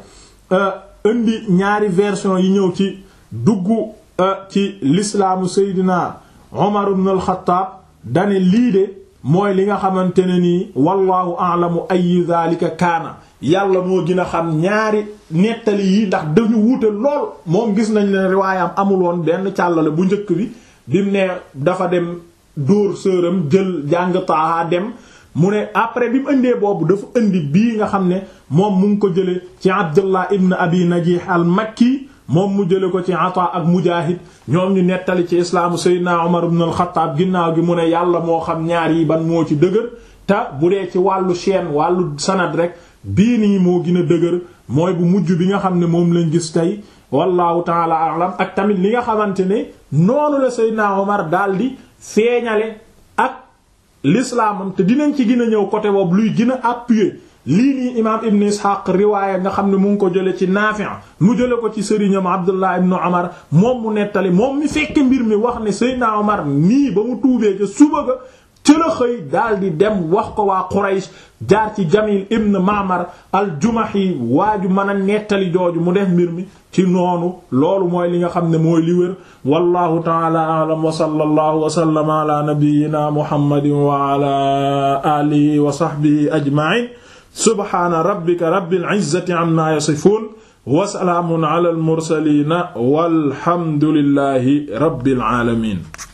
euh, indi ñaari version yi ñëw ci dugg euh, ci l'islaamu seydina omar ibn al dane lii de mooy li nga xamante ne nii wallahu a'lamu ay zalika kaana yàlla moo dina xam ñaari nettali yi ndax dañu wuute lool moom gis nañ leen riwaayam amuloon benn càllale bu njëkk bi bi mu ne dafa dem dóor sëram jël jàng taaha dem mu ne après bi mu indee boobu dafa indi bii nga xam ne moom mu ngi ko jële ci abdullah ibn abi najih al makki moom mu jële ko ci ata ak mujaahid ñoom ñu nettali ci islaamu seydina umar ibn al ginnaaw gi mu ne yàlla moo xam ñaar yi ban moo ci dëgër te bu dee ci wàllu chaîne wàllu sanad rek bii nii moo gën dëgër mooy bu mujj bi nga xam ne moom lañ gis tey wallahu taala alam ak tamit li nga xamante ne noonu la Seydina Omar daal di feeñale ak lislaamam te dinañ ci gën a ñëw côté boobu luy gina a lii nii imaam Ibn Ishaq riwaaya nga xam ne mu ngi ko jële ci Naafi' mu jële ko ci sëriñam Abdullah ibn Omar moom mu nettali moom mi fekke mbir mi wax ne Seydina Omar nii ba mu tuubee ca suba ga ci la xëy daal di dem wax ko waa Quraysh jaar ci Jamil ibn Ma'mar al-Jumahi waaju mën a nettali jooju mu def mbir mi ci noonu loolu mooy li nga xam ne mooy li wér wallahu ta'ala a'lam wa sallallahu wa sallama ala nabiyyina Muhammadin wa ala alihi wa sahbihi ajma'in subhana rabbika rabbil izzati amma yasifun wa salaamun ala al-mursalin walhamdulillahi rabbil alamin